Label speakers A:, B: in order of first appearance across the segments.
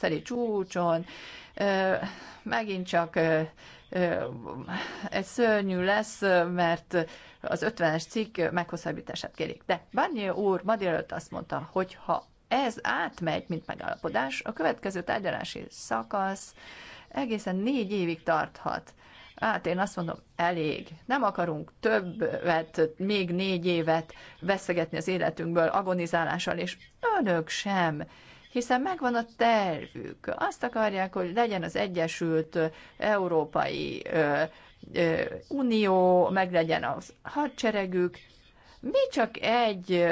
A: brüsszeli csúcson, megint csak ez szörnyű lesz, mert az 50-es cikk meghosszabbítását kérik. De Barnier úr ma délelőtt azt mondta, hogy ha ez átmegy, mint megállapodás, a következő tárgyalási szakasz egészen négy évig tarthat. Hát én azt mondom, elég. Nem akarunk többet, még négy évet veszegetni az életünkből agonizálással, és önök sem hiszen megvan a tervük. Azt akarják, hogy legyen az Egyesült Európai Unió, meg legyen az hadseregük. Mi csak egy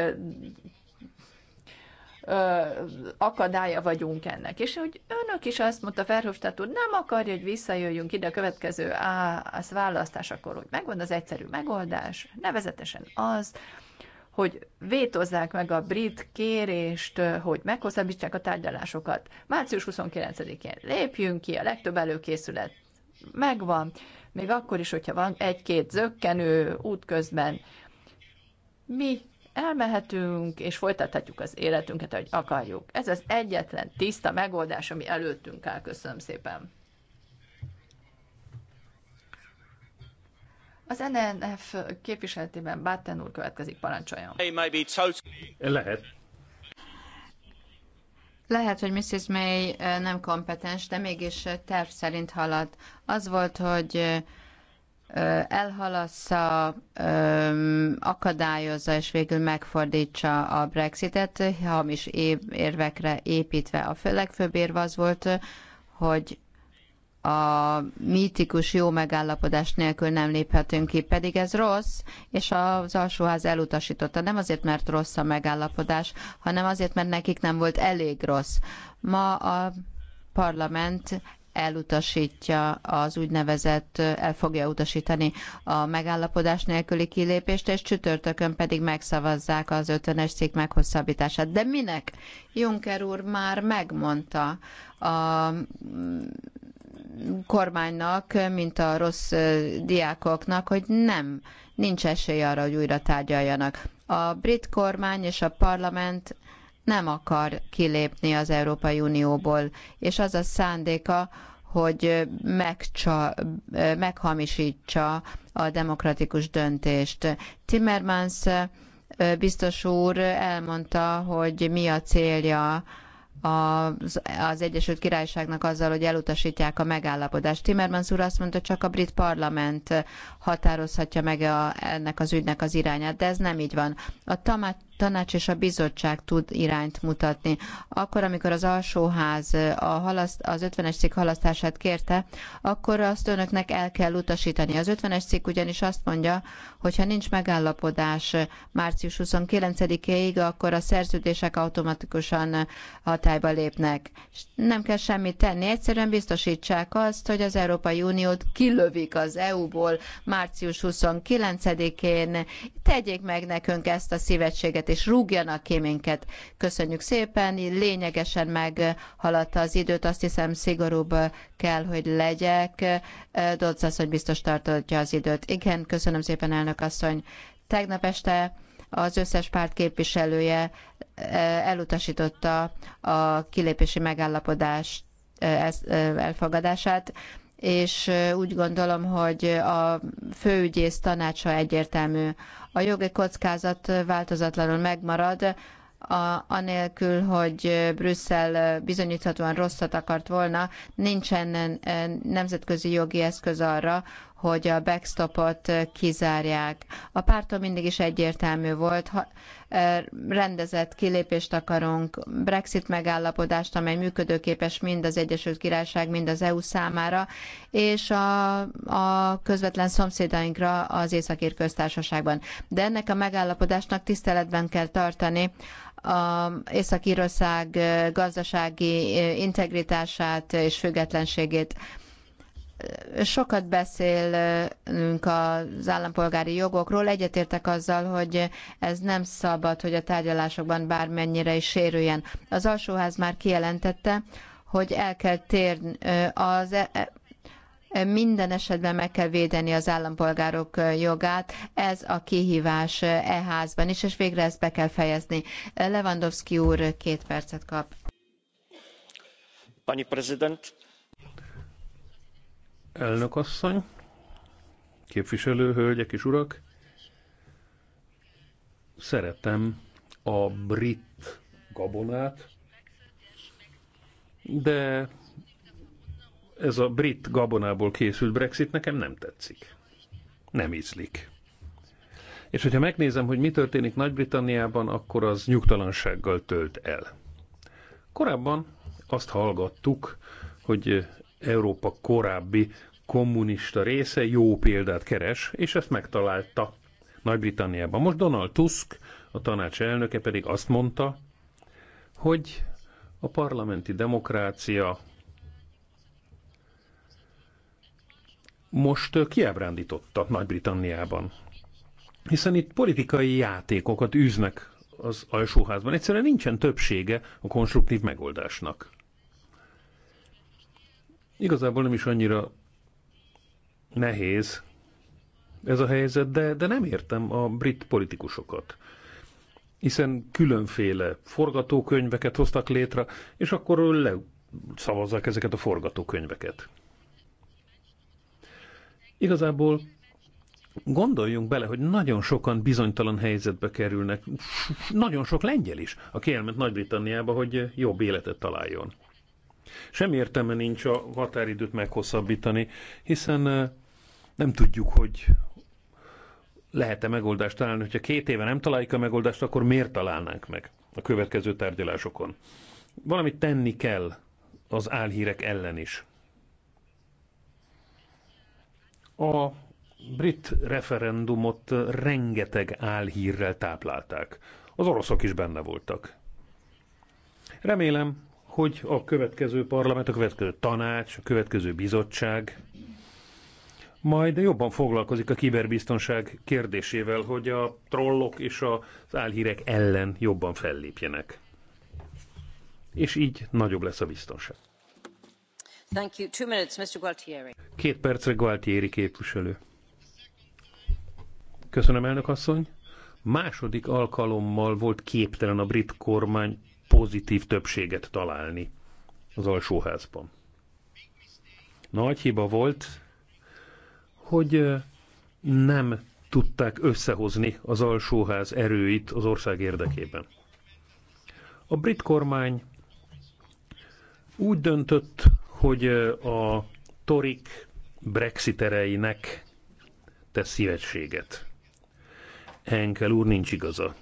A: akadálya vagyunk ennek. És hogy önök is azt mondta Ferhofstadt úr, nem akarja, hogy visszajöjjünk ide a következő á, az választás, akkor hogy megvan az egyszerű megoldás, nevezetesen az, hogy vétozzák meg a brit kérést, hogy meghosszabbítsák a tárgyalásokat. Március 29-én lépjünk ki, a legtöbb előkészület megvan, még akkor is, hogyha van egy-két zöggenő útközben. Mi elmehetünk, és folytathatjuk az életünket, ahogy akarjuk. Ez az egyetlen tiszta megoldás, ami előttünk áll. Köszönöm szépen. Az NNF képviseletében Batten úr következik, parancsoljon.
B: Lehet.
C: Lehet, hogy Mrs. May eh, nem kompetens, de mégis eh, terv szerint halad. Az volt, hogy eh, elhalassza, ehm, akadályozza és végül megfordítsa a Brexitet, hamis érvekre építve. A legfőbb érv az volt, hogy a mítikus jó megállapodás nélkül nem léphetünk ki, pedig ez rossz, és az alsóház elutasította. Nem azért, mert rossz a megállapodás, hanem azért, mert nekik nem volt elég rossz. Ma a parlament elutasítja az úgynevezett, el fogja utasítani a megállapodás nélküli kilépést, és csütörtökön pedig megszavazzák az 50 cikk meghosszabbítását. De minek? Juncker úr már megmondta a kormánynak, mint a rossz diákoknak, hogy nem, nincs esély arra, hogy újra tárgyaljanak. A brit kormány és a parlament nem akar kilépni az Európai Unióból, és az a szándéka, hogy megcsa, meghamisítsa a demokratikus döntést. Timmermans biztos úr elmondta, hogy mi a célja az, az Egyesült Királyságnak azzal, hogy elutasítják a megállapodást. Timmermans úr azt mondta, csak a brit parlament határozhatja meg a, ennek az ügynek az irányát, de ez nem így van. A tanács és a bizottság tud irányt mutatni. Akkor, amikor az alsóház a halaszt, az 50-es cikk halasztását kérte, akkor azt önöknek el kell utasítani. Az 50-es cikk ugyanis azt mondja, hogy ha nincs megállapodás március 29-éig, akkor a szerződések automatikusan hatályba lépnek. Nem kell semmit tenni, egyszerűen biztosítsák azt, hogy az Európai Uniót kilövik az EU-ból március 29-én. Tegyék meg nekünk ezt a szívetséget minket, és rúgjanak ki minket. Köszönjük szépen, lényegesen meghaladta az időt, azt hiszem szigorúbb kell, hogy legyek. Dodz asszony biztos tartotja az időt. Igen, köszönöm szépen, elnök asszony. Tegnap este az összes párt képviselője eh, elutasította a kilépési megállapodást eh, eh, elfogadását és úgy gondolom, hogy a főügyész tanácsa egyértelmű. A jogi kockázat változatlanul megmarad, a, anélkül, hogy Brüsszel bizonyíthatóan rosszat akart volna, nincsen nemzetközi jogi eszköz arra, hogy a backstopot kizárják. A pártom mindig is egyértelmű volt, ha, e, rendezett kilépést akarunk, Brexit megállapodást, amely működőképes mind az Egyesült Királyság, mind az EU számára, és a, a közvetlen szomszédainkra az Északír köztársaságban. De ennek a megállapodásnak tiszteletben kell tartani a Észak-Írország gazdasági e, integritását és függetlenségét. Sokat beszélünk az állampolgári jogokról, egyetértek azzal, hogy ez nem szabad, hogy a tárgyalásokban bármennyire is sérüljen. Az alsóház már kijelentette, hogy el kell térni az e, e, minden esetben meg kell védeni az állampolgárok jogát, ez a kihívás e házban is, és végre ezt be kell fejezni. Lewandowski úr két percet kap.
A: Pani prezident,
B: elnökasszony, képviselő hölgyek és urak, szeretem a brit gabonát, de ez a brit gabonából készült Brexit nekem nem tetszik. Nem ízlik. És hogyha megnézem, hogy mi történik Nagy-Britanniában, akkor az nyugtalansággal tölt el. Korábban azt hallgattuk, hogy Európa korábbi kommunista része jó példát keres, és ezt megtalálta Nagy-Britanniában. Most Donald Tusk, a tanács elnöke pedig azt mondta, hogy a parlamenti demokrácia most kiábrándította Nagy-Britanniában. Hiszen itt politikai játékokat űznek az alsóházban. Egyszerűen nincsen többsége a konstruktív megoldásnak. Igazából nem is annyira nehéz ez a helyzet, de, de nem értem a brit politikusokat. Hiszen különféle forgatókönyveket hoztak létre, és akkor le szavazzák ezeket a forgatókönyveket. Igazából gondoljunk bele, hogy nagyon sokan bizonytalan helyzetbe kerülnek, nagyon sok lengyel is, aki elment Nagy-Britanniába, hogy jobb életet találjon. Sem értelme nincs a határidőt meghosszabbítani, hiszen nem tudjuk, hogy lehet-e megoldást találni. Ha két éve nem találjuk a megoldást, akkor miért találnánk meg a következő tárgyalásokon? Valamit tenni kell az álhírek ellen is. A brit referendumot rengeteg álhírrel táplálták. Az oroszok is benne voltak. Remélem, hogy a következő parlament, a következő tanács, a következő bizottság majd jobban foglalkozik a kiberbiztonság kérdésével, hogy a trollok és az álhírek ellen jobban fellépjenek. És így nagyobb lesz a biztonság.
D: Thank you. Two minutes, Mr. Gualtieri.
B: Két percre Gualtieri képviselő. Köszönöm, elnök asszony. Második alkalommal volt képtelen a brit kormány pozitív többséget találni az alsóházban. Nagy hiba volt, hogy nem tudták összehozni az alsóház erőit az ország érdekében. A brit kormány úgy döntött, hogy a torik brexitereinek tesz szívetséget. Henkel úr nincs igaza.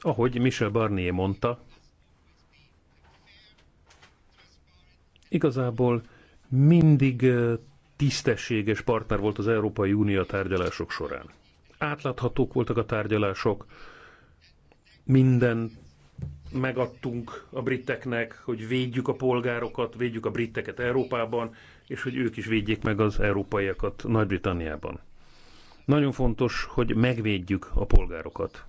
B: Ahogy Michel Barnier mondta, igazából mindig tisztességes partner volt az Európai Unió tárgyalások során. Átláthatók voltak a tárgyalások, minden megadtunk a briteknek, hogy védjük a polgárokat, védjük a briteket Európában, és hogy ők is védjék meg az európaiakat Nagy-Britanniában. Nagyon fontos, hogy megvédjük a polgárokat.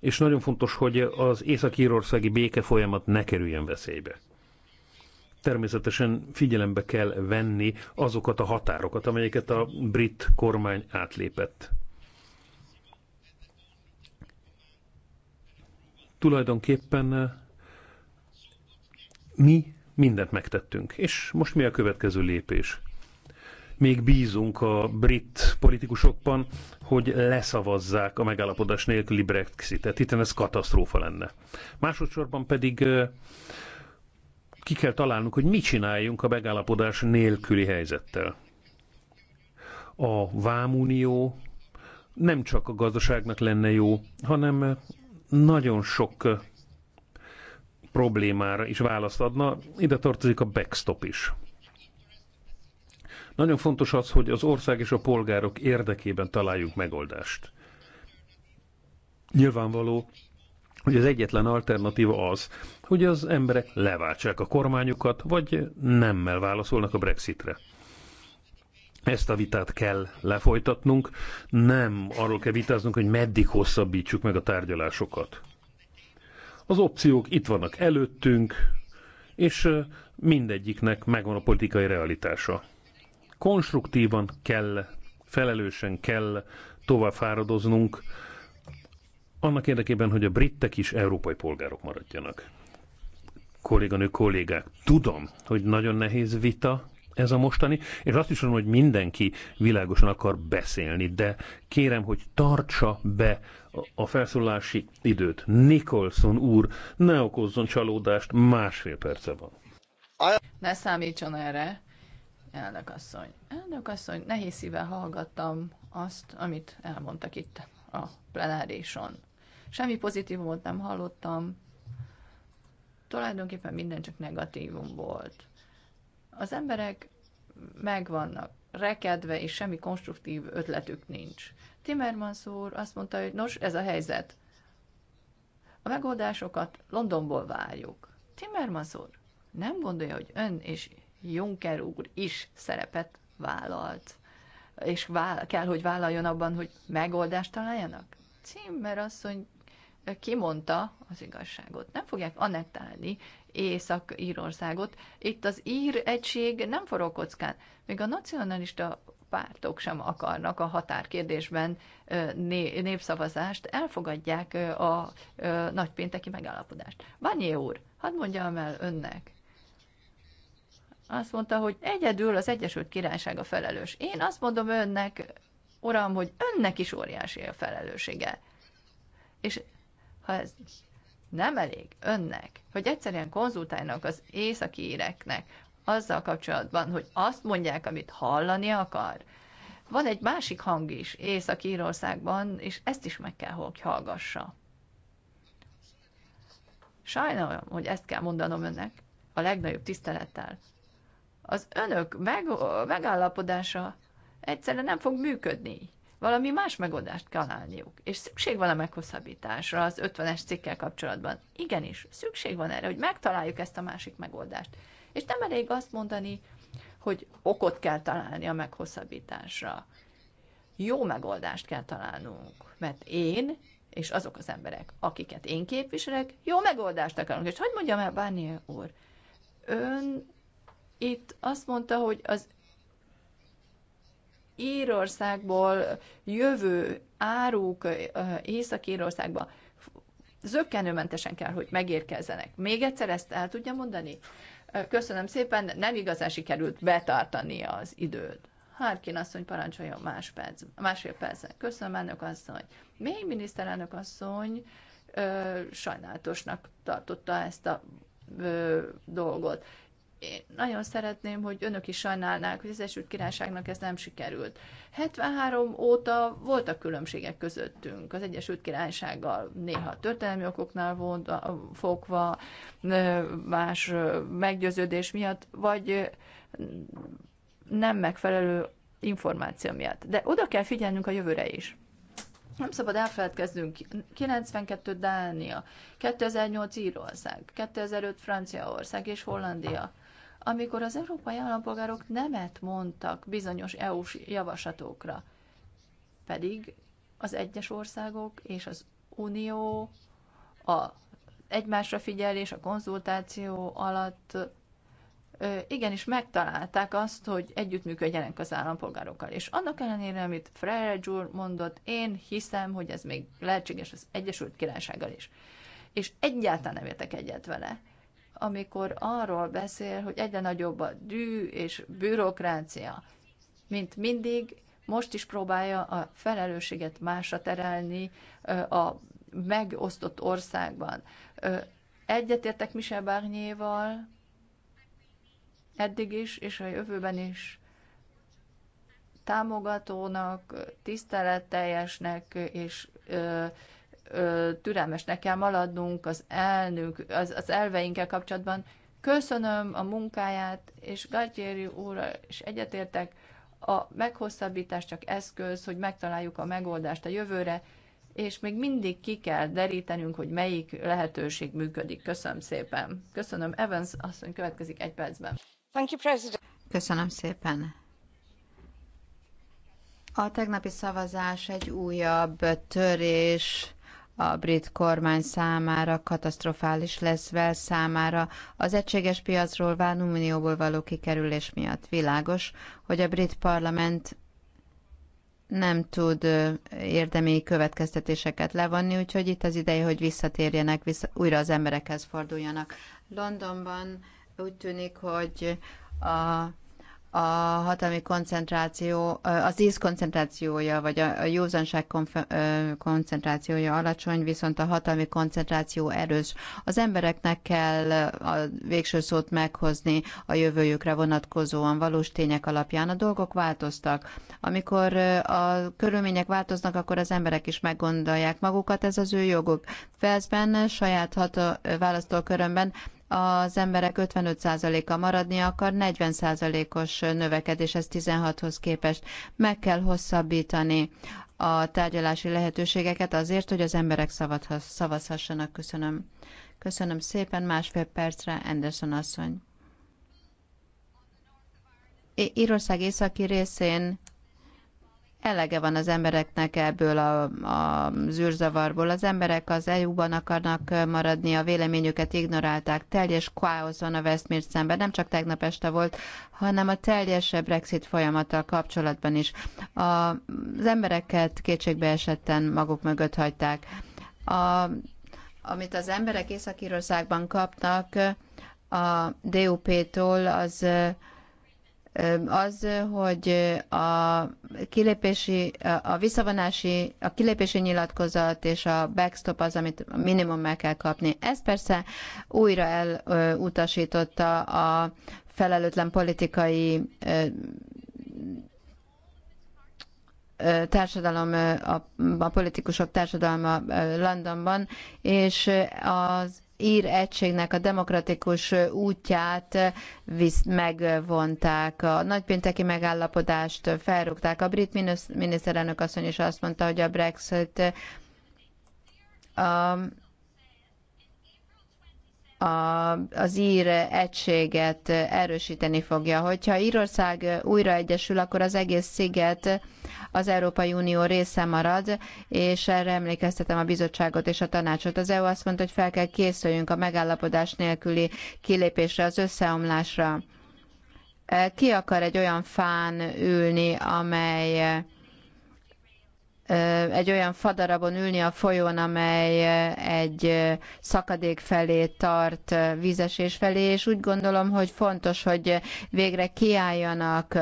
B: És nagyon fontos, hogy az észak-írországi béke folyamat ne kerüljön veszélybe természetesen figyelembe kell venni azokat a határokat, amelyeket a brit kormány átlépett. Tulajdonképpen eh, mi mindent megtettünk. És most mi a következő lépés? Még bízunk a brit politikusokban, hogy leszavazzák a megállapodás nélküli Brexitet, Itt ez katasztrófa lenne. Másodszorban pedig eh, ki kell találnunk, hogy mit csináljunk a megállapodás nélküli helyzettel. A vámunió nem csak a gazdaságnak lenne jó, hanem nagyon sok problémára is választ adna, ide tartozik a backstop is. Nagyon fontos az, hogy az ország és a polgárok érdekében találjuk megoldást. Nyilvánvaló, hogy az egyetlen alternatíva az, hogy az emberek leváltsák a kormányukat, vagy nemmel válaszolnak a Brexitre. Ezt a vitát kell lefolytatnunk, nem arról kell vitáznunk, hogy meddig hosszabbítsuk meg a tárgyalásokat. Az opciók itt vannak előttünk, és mindegyiknek megvan a politikai realitása. Konstruktívan kell, felelősen kell tovább fáradoznunk, annak érdekében, hogy a brittek is európai polgárok maradjanak. Kolléganő, kollégák, tudom, hogy nagyon nehéz vita ez a mostani, és azt is mondom, hogy mindenki világosan akar beszélni, de kérem, hogy tartsa be a felszólási időt. Nicholson úr, ne okozzon csalódást, másfél perce van.
A: Ne számítson erre, elnök asszony. Elnök asszony, nehéz szívvel hallgattam azt, amit elmondtak itt a plenárison. Semmi pozitívumot nem hallottam, tulajdonképpen minden csak negatívum volt. Az emberek megvannak rekedve, és semmi konstruktív ötletük nincs. Timmermans úr azt mondta, hogy nos, ez a helyzet. A megoldásokat Londonból várjuk. Timmermans úr nem gondolja, hogy ön és Juncker úr is szerepet vállalt és vál, kell, hogy vállaljon abban, hogy megoldást találjanak? mert azt, hogy kimondta az igazságot. Nem fogják anettálni Észak-Írországot. Itt az ír egység nem forró kockán. Még a nacionalista pártok sem akarnak a határkérdésben népszavazást, elfogadják a nagypénteki megállapodást. Banyé úr, hadd mondjam el önnek, azt mondta, hogy egyedül az Egyesült Királyság a felelős. Én azt mondom önnek, uram, hogy önnek is óriási a felelőssége. És ha ez nem elég önnek, hogy egyszerűen konzultálnak az északi éreknek azzal kapcsolatban, hogy azt mondják, amit hallani akar, van egy másik hang is Észak-Írországban, és ezt is meg kell, hogy hallgassa. Sajnálom, hogy ezt kell mondanom önnek, a legnagyobb tisztelettel az önök meg, megállapodása egyszerűen nem fog működni. Valami más megoldást kell állniuk. És szükség van a meghosszabbításra az 50-es cikkel kapcsolatban. Igenis, szükség van erre, hogy megtaláljuk ezt a másik megoldást. És nem elég azt mondani, hogy okot kell találni a meghosszabbításra. Jó megoldást kell találnunk, mert én és azok az emberek, akiket én képviselek, jó megoldást akarunk. És hogy mondjam el, Barnier úr, ön itt azt mondta, hogy az Írországból jövő áruk Észak-Írországba zöggenőmentesen kell, hogy megérkezzenek. Még egyszer ezt el tudja mondani? Köszönöm szépen, nem igazán sikerült betartani az időt. Harkin asszony parancsoljon más perc, másfél percen. Köszönöm, elnök asszony. Még miniszterelnök asszony ö, sajnálatosnak tartotta ezt a ö, dolgot. Én nagyon szeretném, hogy önök is sajnálnák, hogy az Esült Királyságnak ez nem sikerült. 73 óta voltak különbségek közöttünk az Egyesült Királysággal, néha történelmi okoknál fogva, más meggyőződés miatt, vagy nem megfelelő információ miatt. De oda kell figyelnünk a jövőre is. Nem szabad elfeledkeznünk. 92 Dánia, 2008 Írország, 2005 Franciaország és Hollandia amikor az európai állampolgárok nemet mondtak bizonyos EU-s javaslatokra, pedig az egyes országok és az Unió a egymásra figyelés, a konzultáció alatt igenis megtalálták azt, hogy együttműködjenek az állampolgárokkal. És annak ellenére, amit Freire úr mondott, én hiszem, hogy ez még lehetséges az Egyesült Királysággal is. És egyáltalán nem értek egyet vele amikor arról beszél, hogy egyre nagyobb a dű és bürokrácia, mint mindig, most is próbálja a felelősséget másra terelni a megosztott országban. Egyetértek Michel Barnier-val eddig is, és a jövőben is támogatónak, tiszteletteljesnek és ö, türelmesnek kell maradnunk az elnök, az, az elveinkkel kapcsolatban. Köszönöm a munkáját, és Gatjéri úr és egyetértek, a meghosszabbítás csak eszköz, hogy megtaláljuk a megoldást a jövőre, és még mindig ki kell derítenünk, hogy melyik lehetőség működik. Köszönöm szépen. Köszönöm. Evans mondja, következik egy
C: percben.
D: Thank you, President.
C: Köszönöm szépen. A tegnapi szavazás egy újabb törés a brit kormány számára katasztrofális lesz, vel számára az egységes piacról ván unióból való kikerülés miatt világos, hogy a brit parlament nem tud érdemi következtetéseket levonni, úgyhogy itt az ideje, hogy visszatérjenek, vissza, újra az emberekhez forduljanak. Londonban úgy tűnik, hogy a a hatalmi koncentráció, az íz koncentrációja, vagy a józanság koncentrációja alacsony, viszont a hatalmi koncentráció erős. Az embereknek kell a végső szót meghozni a jövőjükre vonatkozóan valós tények alapján. A dolgok változtak. Amikor a körülmények változnak, akkor az emberek is meggondolják magukat, ez az ő joguk. Felszben, saját hat választókörömben az emberek 55%-a maradni akar, 40%-os növekedés, ez 16-hoz képest. Meg kell hosszabbítani a tárgyalási lehetőségeket azért, hogy az emberek szavazhassanak. Köszönöm. Köszönöm szépen. Másfél percre Anderson asszony. Írország északi részén elege van az embereknek ebből a, a zűrzavarból. Az emberek az EU-ban akarnak maradni, a véleményüket ignorálták. Teljes káosz van a Westmere szemben, nem csak tegnap este volt, hanem a teljes Brexit folyamattal kapcsolatban is. A, az embereket kétségbe esetten maguk mögött hagyták. A, amit az emberek Észak-Írországban kapnak a DUP-tól, az az, hogy a kilépési, a visszavonási, a kilépési nyilatkozat és a backstop az, amit minimum meg kell kapni. Ez persze újra elutasította a felelőtlen politikai társadalom, a, a politikusok társadalma Londonban, és az ír egységnek a demokratikus útját visz, megvonták. A nagypénteki megállapodást felrúgták. A brit miniszterelnök asszony is azt mondta, hogy a Brexit a, az ír egységet erősíteni fogja. Hogyha Írország újra egyesül, akkor az egész sziget az Európai Unió része marad, és erre emlékeztetem a bizottságot és a tanácsot. Az EU azt mondta, hogy fel kell készüljünk a megállapodás nélküli kilépésre, az összeomlásra. Ki akar egy olyan fán ülni, amely egy olyan fadarabon ülni a folyón, amely egy szakadék felé tart, vízesés felé, és úgy gondolom, hogy fontos, hogy végre kiálljanak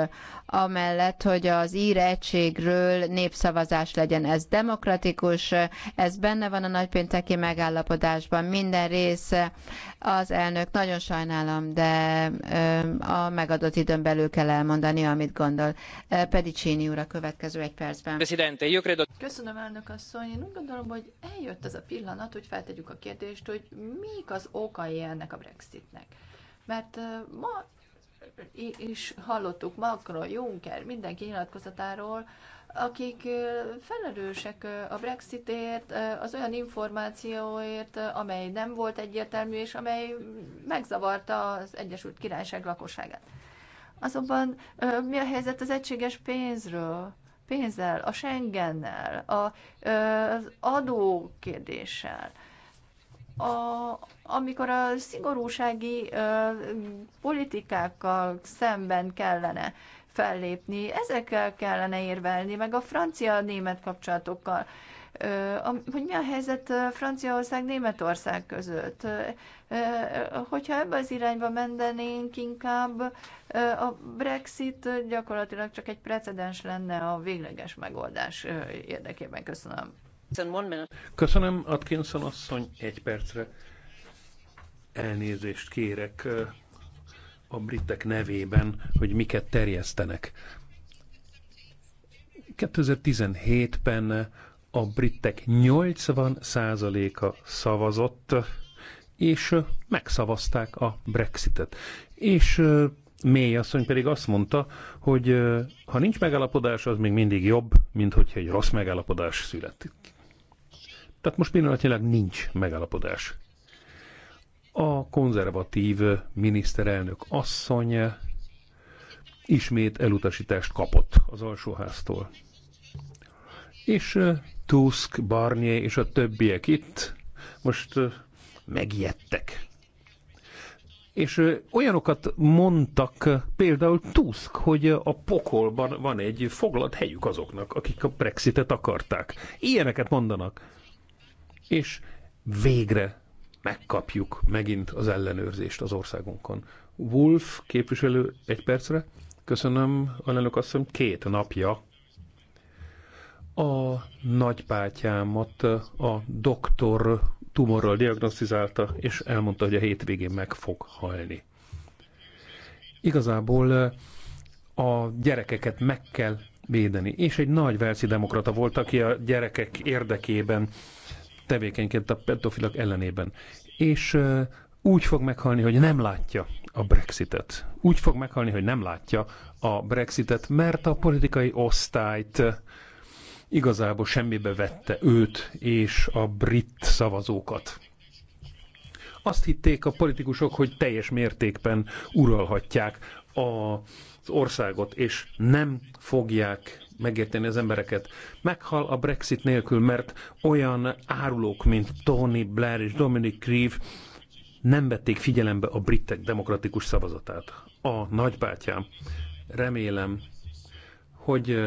C: amellett, hogy az ír egységről népszavazás legyen. Ez demokratikus, ez benne van a nagypénteki megállapodásban, minden rész az elnök, nagyon sajnálom, de a megadott időn belül kell elmondani, amit gondol. Pedicini úr a következő
E: egy percben. Presidente, io credo...
A: Köszönöm, elnök asszony. Én úgy gondolom, hogy eljött ez a pillanat, hogy feltegyük a kérdést, hogy mik az okai ennek a Brexitnek. Mert ma is hallottuk Macron, Juncker, mindenki nyilatkozatáról, akik felelősek a Brexitért, az olyan információért, amely nem volt egyértelmű, és amely megzavarta az Egyesült Királyság lakosságát. Azonban mi a helyzet az egységes pénzről? pénzzel, a Schengennel, a, az adó kérdéssel. A, amikor a szigorúsági a, politikákkal szemben kellene fellépni, ezekkel kellene érvelni, meg a francia-német kapcsolatokkal hogy mi a helyzet Franciaország, Németország között. Hogyha ebbe az irányba mendenénk inkább, a Brexit gyakorlatilag csak egy precedens lenne a végleges megoldás érdekében. Köszönöm.
B: Köszönöm, Atkinson asszony, egy percre. Elnézést kérek a britek nevében, hogy miket terjesztenek. 2017-ben a britek 80%-a szavazott, és megszavazták a Brexitet. És May asszony pedig azt mondta, hogy ha nincs megállapodás, az még mindig jobb, mint hogyha egy rossz megállapodás születik. Tehát most pillanatnyilag nincs megállapodás. A konzervatív miniszterelnök asszony ismét elutasítást kapott az alsóháztól. És Tusk, Barnier és a többiek itt most megijedtek. És olyanokat mondtak például Tusk, hogy a pokolban van egy foglalt helyük azoknak, akik a Brexitet akarták. Ilyeneket mondanak. És végre megkapjuk megint az ellenőrzést az országunkon. Wolf képviselő egy percre. Köszönöm, alelnök asszony, két napja a nagypátyámat a doktor tumorral diagnosztizálta, és elmondta, hogy a hétvégén meg fog halni. Igazából eh, a gyerekeket meg kell védeni. És egy nagy verszi demokrata volt, aki a gyerekek érdekében tevékenykedett a pedofilak ellenében. És eh, úgy fog meghalni, hogy nem látja a Brexitet. Úgy fog meghalni, hogy nem látja a Brexitet, mert a politikai osztályt eh, igazából semmibe vette őt és a brit szavazókat. Azt hitték a politikusok, hogy teljes mértékben uralhatják az országot, és nem fogják megérteni az embereket. Meghal a Brexit nélkül, mert olyan árulók, mint Tony Blair és Dominic Creeve nem vették figyelembe a britek demokratikus szavazatát. A nagybátyám remélem hogy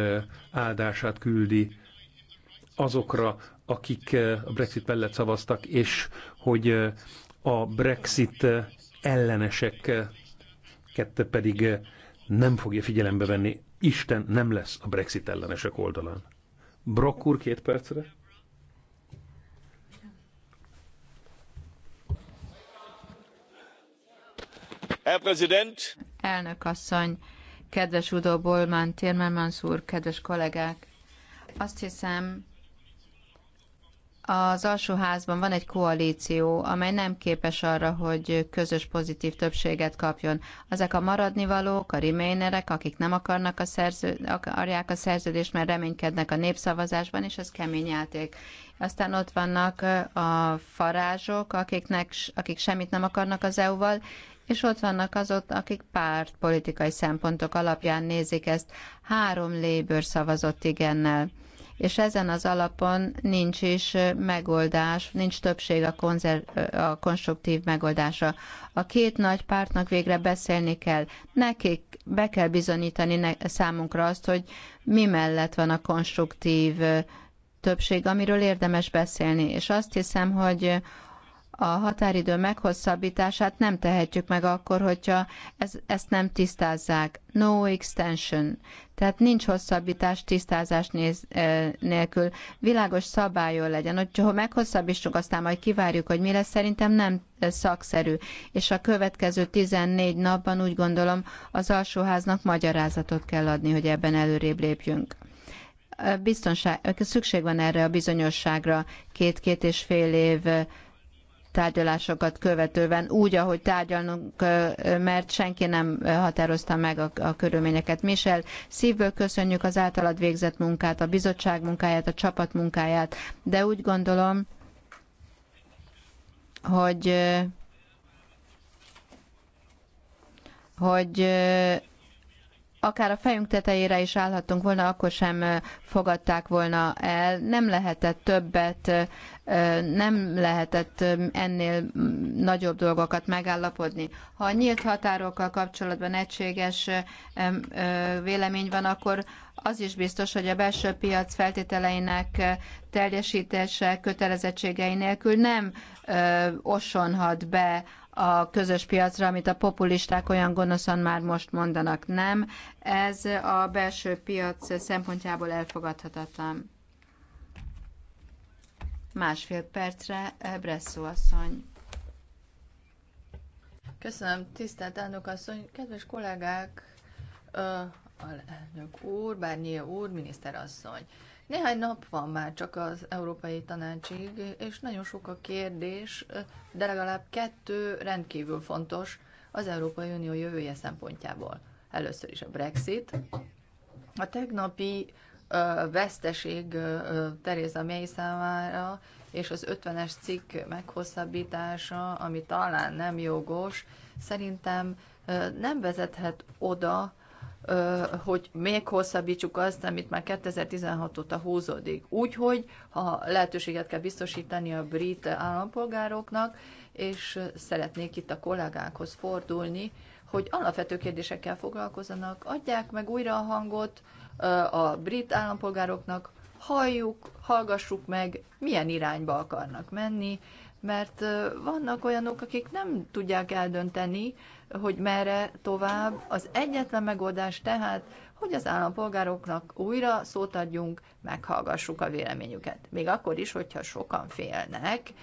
B: áldását küldi azokra, akik a Brexit mellett szavaztak, és hogy a Brexit elleneseket pedig nem fogja figyelembe venni. Isten nem lesz a Brexit ellenesek oldalán. Brock úr, két percre. Herr Präsident!
C: Elnök asszony! Kedves Udo Bolman, Tiermelmans úr, kedves kollégák! Azt hiszem, az alsóházban van egy koalíció, amely nem képes arra, hogy közös pozitív többséget kapjon. Ezek a maradnivalók, a remainerek, akik nem akarnak a szerző, akarják a szerződést, mert reménykednek a népszavazásban, és ez kemény játék. Aztán ott vannak a farázsok, akiknek, akik semmit nem akarnak az EU-val, és ott vannak azok, akik párt politikai szempontok alapján nézik ezt. Három lébőr szavazott igennel és ezen az alapon nincs is megoldás, nincs többség a, konzer- a konstruktív megoldása. A két nagy pártnak végre beszélni kell. Nekik be kell bizonyítani ne- számunkra azt, hogy mi mellett van a konstruktív többség, amiről érdemes beszélni. És azt hiszem, hogy a határidő meghosszabbítását nem tehetjük meg akkor, hogyha ez, ezt nem tisztázzák. No extension. Tehát nincs hosszabbítás tisztázás néz, nélkül. Világos szabályon legyen. Hogyha meghosszabbítsuk, aztán majd kivárjuk, hogy mi lesz, szerintem nem szakszerű. És a következő 14 napban úgy gondolom az alsóháznak magyarázatot kell adni, hogy ebben előrébb lépjünk biztonság, szükség van erre a bizonyosságra két-két és fél év tárgyalásokat követően, úgy, ahogy tárgyalnunk, mert senki nem határozta meg a, a körülményeket. Michel, szívből köszönjük az általad végzett munkát, a bizottság munkáját, a csapat munkáját, de úgy gondolom, hogy hogy akár a fejünk tetejére is állhattunk volna, akkor sem fogadták volna el. Nem lehetett többet nem lehetett ennél nagyobb dolgokat megállapodni. Ha a nyílt határokkal kapcsolatban egységes vélemény van, akkor az is biztos, hogy a belső piac feltételeinek teljesítése kötelezettségei nélkül nem osonhat be a közös piacra, amit a populisták olyan gonoszan már most mondanak. Nem, ez a belső piac szempontjából elfogadhatatlan. Másfél percre eh, Bresszó asszony. Köszönöm, tisztelt elnök asszony, kedves
A: kollégák, a elnök úr, Bárnyé úr, miniszter asszony. Néhány nap van már csak az Európai Tanácsig, és nagyon sok a kérdés, de legalább kettő rendkívül fontos az Európai Unió jövője szempontjából. Először is a Brexit. A tegnapi veszteség Theresa May számára, és az 50-es cikk meghosszabbítása, ami talán nem jogos, szerintem nem vezethet oda, hogy még hosszabbítsuk azt, amit már 2016 óta húzódik. Úgyhogy, ha lehetőséget kell biztosítani a brit állampolgároknak, és szeretnék itt a kollégákhoz fordulni, hogy alapvető kérdésekkel foglalkozzanak, adják meg újra a hangot a brit állampolgároknak, halljuk, hallgassuk meg, milyen irányba akarnak menni, mert vannak olyanok, akik nem tudják eldönteni, hogy merre tovább. Az egyetlen megoldás tehát, hogy az állampolgároknak újra szót adjunk, meghallgassuk a véleményüket. Még akkor is, hogyha sokan félnek,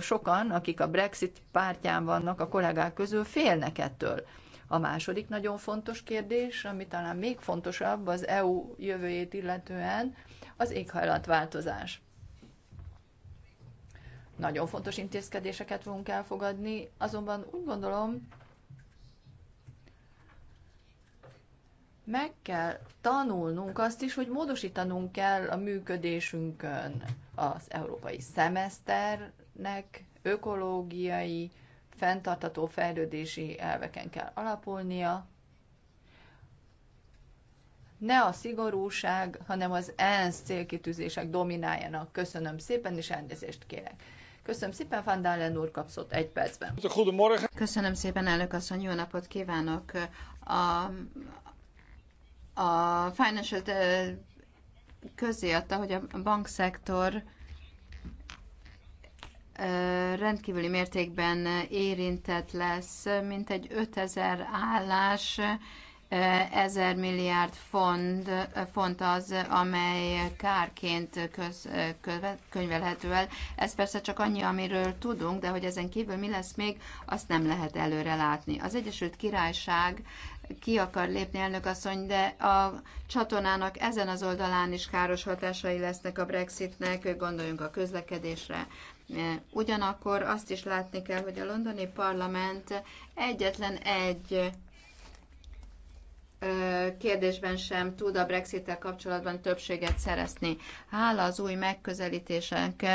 A: sokan, akik a Brexit pártján vannak a kollégák közül, félnek ettől. A második nagyon fontos kérdés, ami talán még fontosabb az EU jövőjét illetően, az éghajlatváltozás. Nagyon fontos intézkedéseket fogunk elfogadni, azonban úgy gondolom, meg kell tanulnunk azt is, hogy módosítanunk kell a működésünkön az európai szemeszternek ökológiai, fenntartató fejlődési elveken kell alapulnia. Ne a szigorúság, hanem az ENSZ célkitűzések domináljanak. Köszönöm szépen, és elnézést kérek. Köszönöm
C: szépen, Van Dalen úr kapszott egy percben. Köszönöm szépen, elnök asszony, jó napot kívánok! A, a Financial eh, közé adta, hogy a bankszektor eh, rendkívüli mértékben érintett lesz, mint egy 5000 állás, 1000 eh, milliárd font, font az, amely kárként köz, könyvelhető el. Ez persze csak annyi, amiről tudunk, de hogy ezen kívül mi lesz még, azt nem lehet előre látni. Az Egyesült Királyság ki akar lépni elnökasszony, de a csatornának ezen az oldalán is káros hatásai lesznek a Brexitnek, gondoljunk a közlekedésre. Ugyanakkor azt is látni kell, hogy a londoni parlament egyetlen egy kérdésben sem tud a Brexit-tel kapcsolatban többséget szerezni. Hála az új megközelítések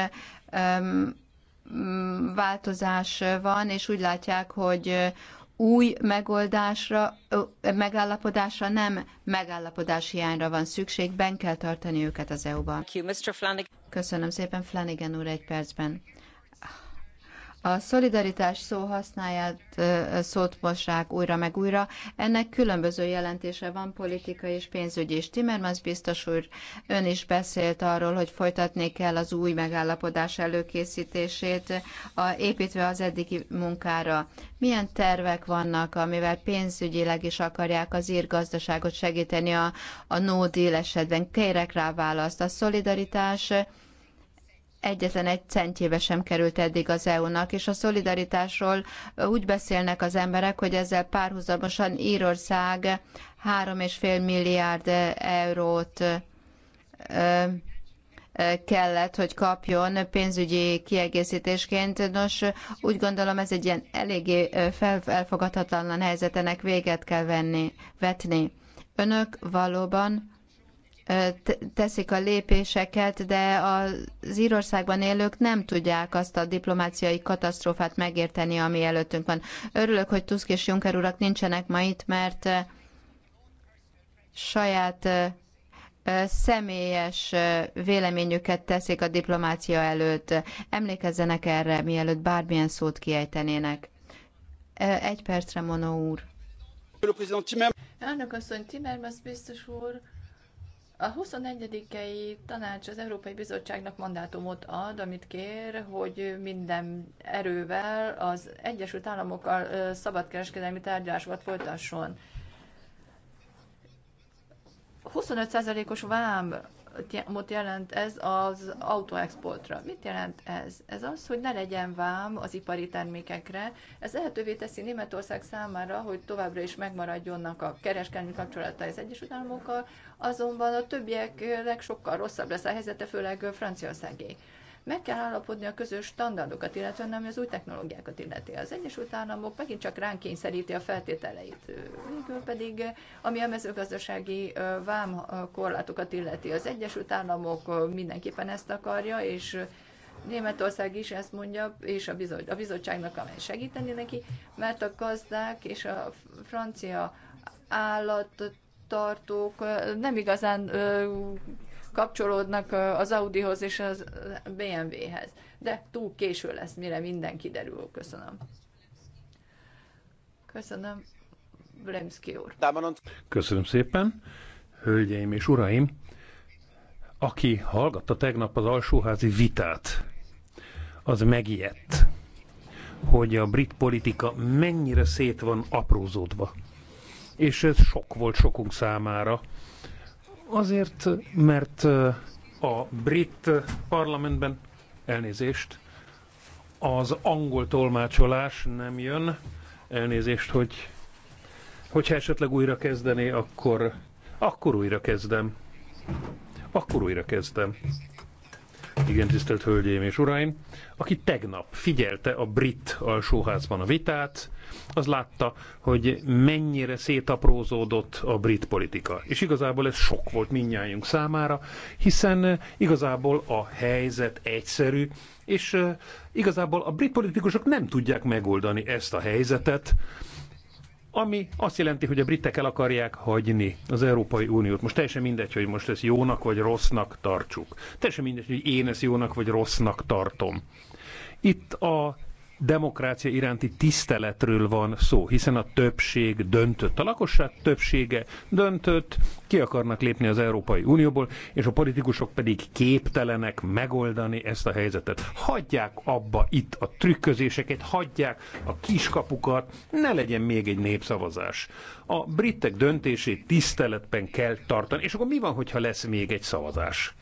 C: változás van, és úgy látják, hogy új megoldásra, megállapodásra nem megállapodás hiányra van szükség, ben kell tartani őket az EU-ban. Köszönöm szépen, Flanagan úr, egy percben. A szolidaritás szó használját szót mossák újra meg újra. Ennek különböző jelentése van politikai és pénzügyi is. Timmermans biztos úr ön is beszélt arról, hogy folytatni kell az új megállapodás előkészítését, a, építve az eddigi munkára. Milyen tervek vannak, amivel pénzügyileg is akarják az ír gazdaságot segíteni a, a no deal esetben? Kérek rá választ. A szolidaritás egyetlen egy centjébe sem került eddig az EU-nak, és a szolidaritásról úgy beszélnek az emberek, hogy ezzel párhuzamosan Írország 3,5 milliárd eurót kellett, hogy kapjon pénzügyi kiegészítésként. Nos, úgy gondolom ez egy ilyen eléggé elfogadhatatlan helyzetenek véget kell venni, vetni. Önök valóban teszik a lépéseket, de az Írországban élők nem tudják azt a diplomáciai katasztrófát megérteni, ami előttünk van. Örülök, hogy Tusk és Juncker urak nincsenek ma itt, mert saját személyes véleményüket teszik a diplomácia előtt. Emlékezzenek erre, mielőtt bármilyen szót kiejtenének. Egy percre, Mono úr.
A: Elnök asszony, Timmermans biztos úr, a 21 tanács az Európai Bizottságnak mandátumot ad, amit kér, hogy minden erővel az Egyesült Államokkal szabadkereskedelmi tárgyalásokat folytasson. 25%-os vám vámot jelent ez az autóexportra. Mit jelent ez? Ez az, hogy ne legyen vám az ipari termékekre. Ez lehetővé teszi Németország számára, hogy továbbra is megmaradjonnak a kereskedelmi kapcsolata az Egyesült Államokkal, azonban a többieknek sokkal rosszabb lesz a helyzete, főleg Franciaországé. Meg kell állapodni a közös standardokat, illetve nem az új technológiákat illeti. Az Egyesült Államok megint csak ránk kényszeríti a feltételeit. Végül pedig, ami a mezőgazdasági vámkorlátokat illeti, az Egyesült Államok mindenképpen ezt akarja, és Németország is ezt mondja, és a, bizot, a bizottságnak amely segíteni neki, mert a gazdák és a francia állattartók nem igazán kapcsolódnak az Audihoz és az BMW-hez. De túl késő lesz, mire minden kiderül. Köszönöm. Köszönöm,
B: Bremszki úr. Köszönöm szépen, hölgyeim és uraim. Aki hallgatta tegnap az alsóházi vitát, az megijedt, hogy a brit politika mennyire szét van aprózódva. És ez sok volt sokunk számára, Azért, mert a brit parlamentben elnézést, az angol tolmácsolás nem jön, elnézést, hogy hogyha esetleg újra kezdené, akkor, akkor újra kezdem. Akkor újra kezdem. Igen, tisztelt Hölgyeim és Uraim, aki tegnap figyelte a brit alsóházban a vitát, az látta, hogy mennyire szétaprózódott a brit politika. És igazából ez sok volt mindnyájunk számára, hiszen igazából a helyzet egyszerű, és igazából a brit politikusok nem tudják megoldani ezt a helyzetet, ami azt jelenti, hogy a britek el akarják hagyni az Európai Uniót. Most teljesen mindegy, hogy most ezt jónak vagy rossznak tartsuk. Teljesen mindegy, hogy én ezt jónak vagy rossznak tartom. Itt a demokrácia iránti tiszteletről van szó, hiszen a többség döntött. A lakosság többsége döntött, ki akarnak lépni az Európai Unióból, és a politikusok pedig képtelenek megoldani ezt a helyzetet. Hagyják abba itt a trükközéseket, hagyják a kiskapukat, ne legyen még egy népszavazás. A britek döntését tiszteletben kell tartani, és akkor mi van, hogyha lesz még egy szavazás?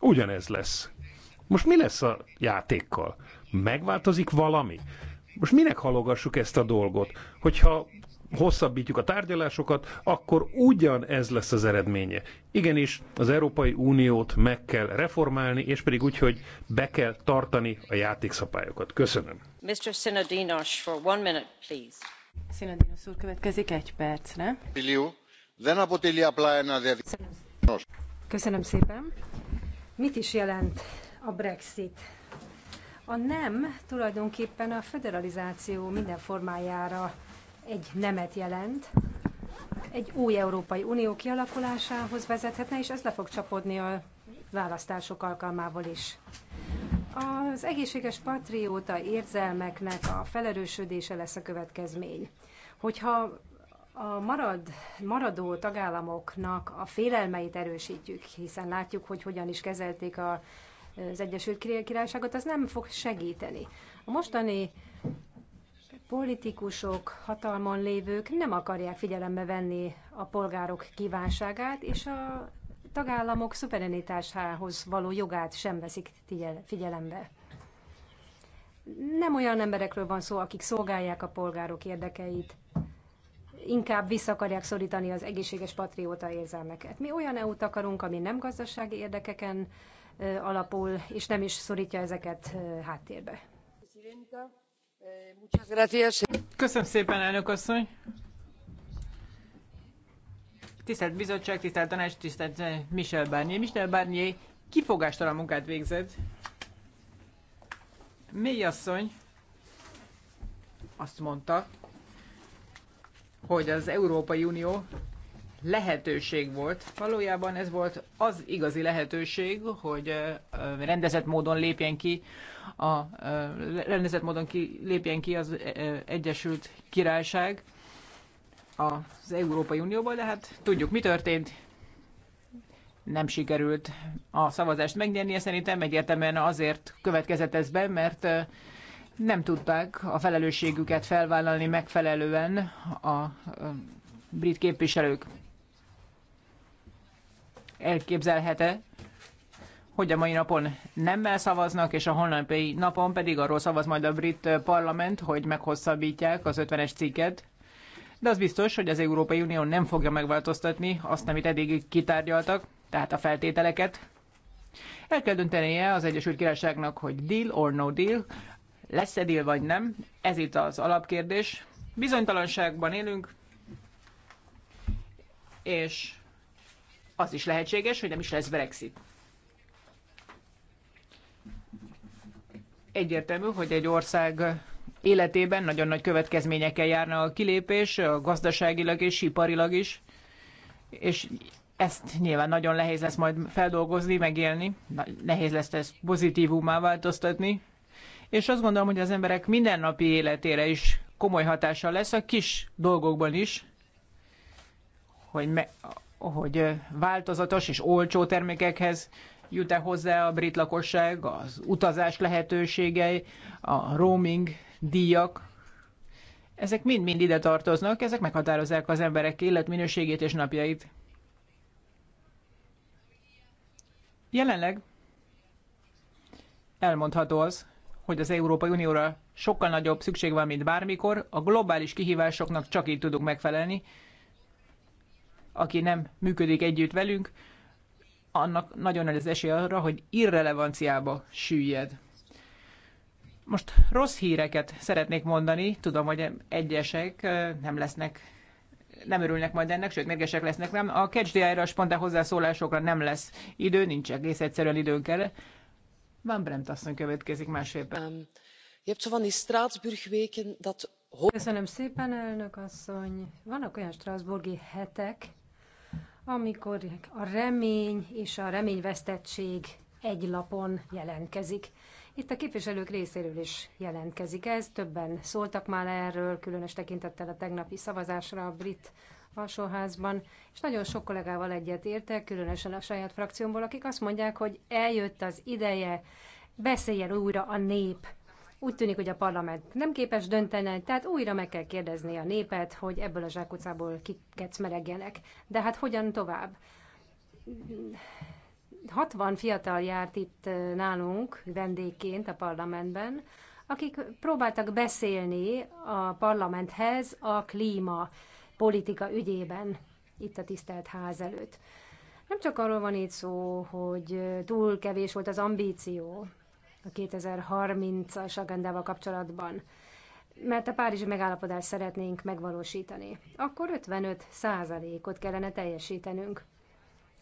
B: Ugyanez lesz. Most mi lesz a játékkal? Megváltozik valami? Most minek halogassuk ezt a dolgot? Hogyha hosszabbítjuk a tárgyalásokat, akkor ugyan ez lesz az eredménye. Igenis, az Európai Uniót meg kell reformálni, és pedig úgy, hogy be kell tartani a játékszabályokat. Köszönöm.
F: Mr. Sinodinos, for one minute, please. Sinodinos úr, következik egy percre. Köszönöm szépen.
D: Mit is jelent a Brexit a nem tulajdonképpen a federalizáció minden formájára egy nemet jelent. Egy új Európai Unió kialakulásához vezethetne, és ez le fog csapodni a választások alkalmával is. Az egészséges patrióta érzelmeknek a felerősödése lesz a következmény. Hogyha a marad, maradó tagállamoknak a félelmeit erősítjük, hiszen látjuk, hogy hogyan is kezelték a az Egyesült Királyságot, az nem fog segíteni. A mostani politikusok, hatalmon lévők nem akarják figyelembe venni a polgárok kívánságát, és a tagállamok szuverenitásához való jogát sem veszik figyelembe. Nem olyan emberekről van szó, akik szolgálják a polgárok érdekeit, inkább vissza akarják szorítani az egészséges patrióta érzelmeket. Mi olyan EU-t akarunk, ami nem gazdasági érdekeken alapul, és nem is szorítja ezeket háttérbe.
E: Köszönöm szépen, elnök asszony! Tisztelt bizottság, tisztelt tanács, tisztelt Michel Barnier. Michel Barnier kifogástalan munkát végzett. Mély asszony azt mondta, hogy az Európai Unió lehetőség volt. Valójában ez volt az igazi lehetőség, hogy rendezett módon lépjen ki a rendezett módon ki, lépjen ki az Egyesült Királyság az Európai Unióból, de hát tudjuk, mi történt. Nem sikerült a szavazást megnyerni, szerintem egyértelműen azért következett ez be, mert nem tudták a felelősségüket felvállalni megfelelően a brit képviselők elképzelhet-e, hogy a mai napon nemmel szavaznak, és a holnapi napon pedig arról szavaz majd a brit parlament, hogy meghosszabbítják az 50-es cikket. De az biztos, hogy az Európai Unió nem fogja megváltoztatni azt, amit eddig kitárgyaltak, tehát a feltételeket. El kell döntenie az Egyesült Királyságnak, hogy deal or no deal, lesz-e deal vagy nem, ez itt az alapkérdés. Bizonytalanságban élünk, és az is lehetséges, hogy nem is lesz Brexit. Egyértelmű, hogy egy ország életében nagyon nagy következményekkel járna a kilépés, a gazdaságilag és iparilag is, és ezt nyilván nagyon nehéz lesz majd feldolgozni, megélni, nehéz lesz ezt pozitívumá változtatni, és azt gondolom, hogy az emberek mindennapi életére is komoly hatással lesz, a kis dolgokban is, hogy me- hogy változatos és olcsó termékekhez jut-e hozzá a brit lakosság, az utazás lehetőségei, a roaming díjak. Ezek mind-mind ide tartoznak, ezek meghatározzák az emberek életminőségét és napjait. Jelenleg elmondható az, hogy az Európai Unióra sokkal nagyobb szükség van, mint bármikor, a globális kihívásoknak csak így tudunk megfelelni, aki nem működik együtt velünk, annak nagyon nagy az esély arra, hogy irrelevanciába süllyed. Most rossz híreket szeretnék mondani, tudom, hogy egyesek nem lesznek, nem örülnek majd ennek, sőt, mérgesek lesznek nem. A kecsdiájra, a spontán hozzászólásokra nem lesz idő, nincs egész egyszerűen időnk erre. Van Bremt asszony következik másfél Um, je hebt van die Straatsburg weken dat... Köszönöm szépen, elnök asszony. Vannak olyan
D: Strasburgi hetek, amikor a remény és a reményvesztettség egy lapon jelentkezik. Itt a képviselők részéről is jelentkezik ez, többen szóltak már erről, különös tekintettel a tegnapi szavazásra a brit alsóházban, és nagyon sok kollégával egyet értek, különösen a saját frakciómból, akik azt mondják, hogy eljött az ideje, beszéljen újra a nép úgy tűnik, hogy a parlament nem képes dönteni, tehát újra meg kell kérdezni a népet, hogy ebből a zsákutcából kikecmeregjenek. De hát hogyan tovább? 60 fiatal járt itt nálunk vendégként a parlamentben, akik próbáltak beszélni a parlamenthez a klíma politika ügyében itt a tisztelt ház előtt. Nem csak arról van itt szó, hogy túl kevés volt az ambíció, a 2030-as agendával kapcsolatban, mert a Párizsi megállapodást szeretnénk megvalósítani, akkor 55 ot kellene teljesítenünk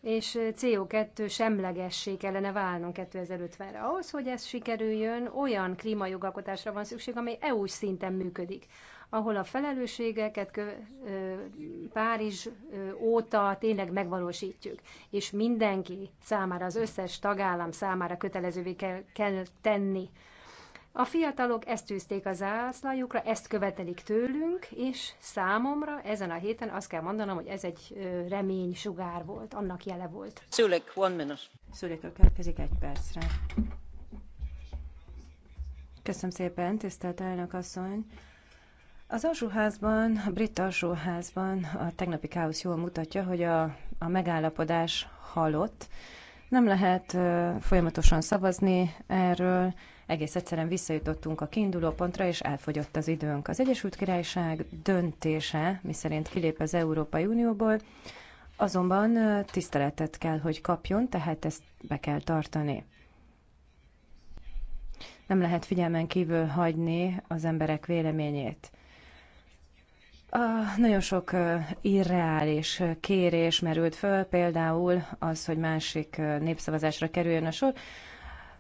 D: és CO2 semlegessé kellene válnunk 2050-re. Ahhoz, hogy ez sikerüljön, olyan klímajogalkotásra van szükség, amely EU-s szinten működik ahol a felelősségeket Párizs óta tényleg megvalósítjuk, és mindenki számára, az összes tagállam számára kötelezővé kell, kell tenni. A fiatalok ezt tűzték az zászlajukra, ezt követelik tőlünk, és számomra ezen a héten azt kell mondanom, hogy ez egy remény sugár volt, annak jele volt.
C: Szülek, one minute.
D: Szülek,
F: következik egy percre. Köszönöm szépen, tisztelt elnök asszony. Az alsóházban, a brit alsóházban a tegnapi káosz jól mutatja, hogy a, a megállapodás halott. Nem lehet uh, folyamatosan szavazni erről, egész egyszerűen visszajutottunk a kiinduló pontra, és elfogyott az időnk. Az Egyesült Királyság döntése, miszerint kilép az Európai Unióból, azonban tiszteletet kell, hogy kapjon, tehát ezt be kell tartani nem lehet figyelmen kívül hagyni az emberek véleményét. A nagyon sok irreális kérés merült föl, például az, hogy másik népszavazásra kerüljön a sor.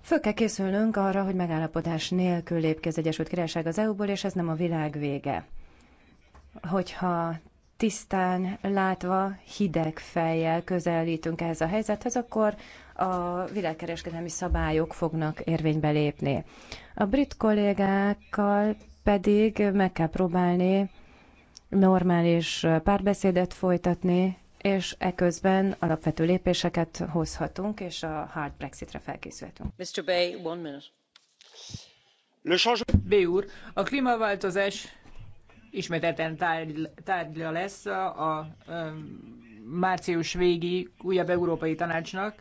F: Föl kell készülnünk arra, hogy megállapodás nélkül lép ki az Egyesült Királyság az EU-ból, és ez nem a világ vége. Hogyha tisztán látva, hideg fejjel közelítünk ehhez a helyzethez, akkor a világkereskedelmi szabályok fognak érvénybe lépni. A brit kollégákkal pedig meg kell próbálni normális párbeszédet folytatni, és eközben alapvető lépéseket hozhatunk, és a hard Brexitre felkészülhetünk.
E: Mr. Bay, one minute. Le úr, a klímaváltozás ismételten tárgya lesz a, a, a március végi újabb európai tanácsnak.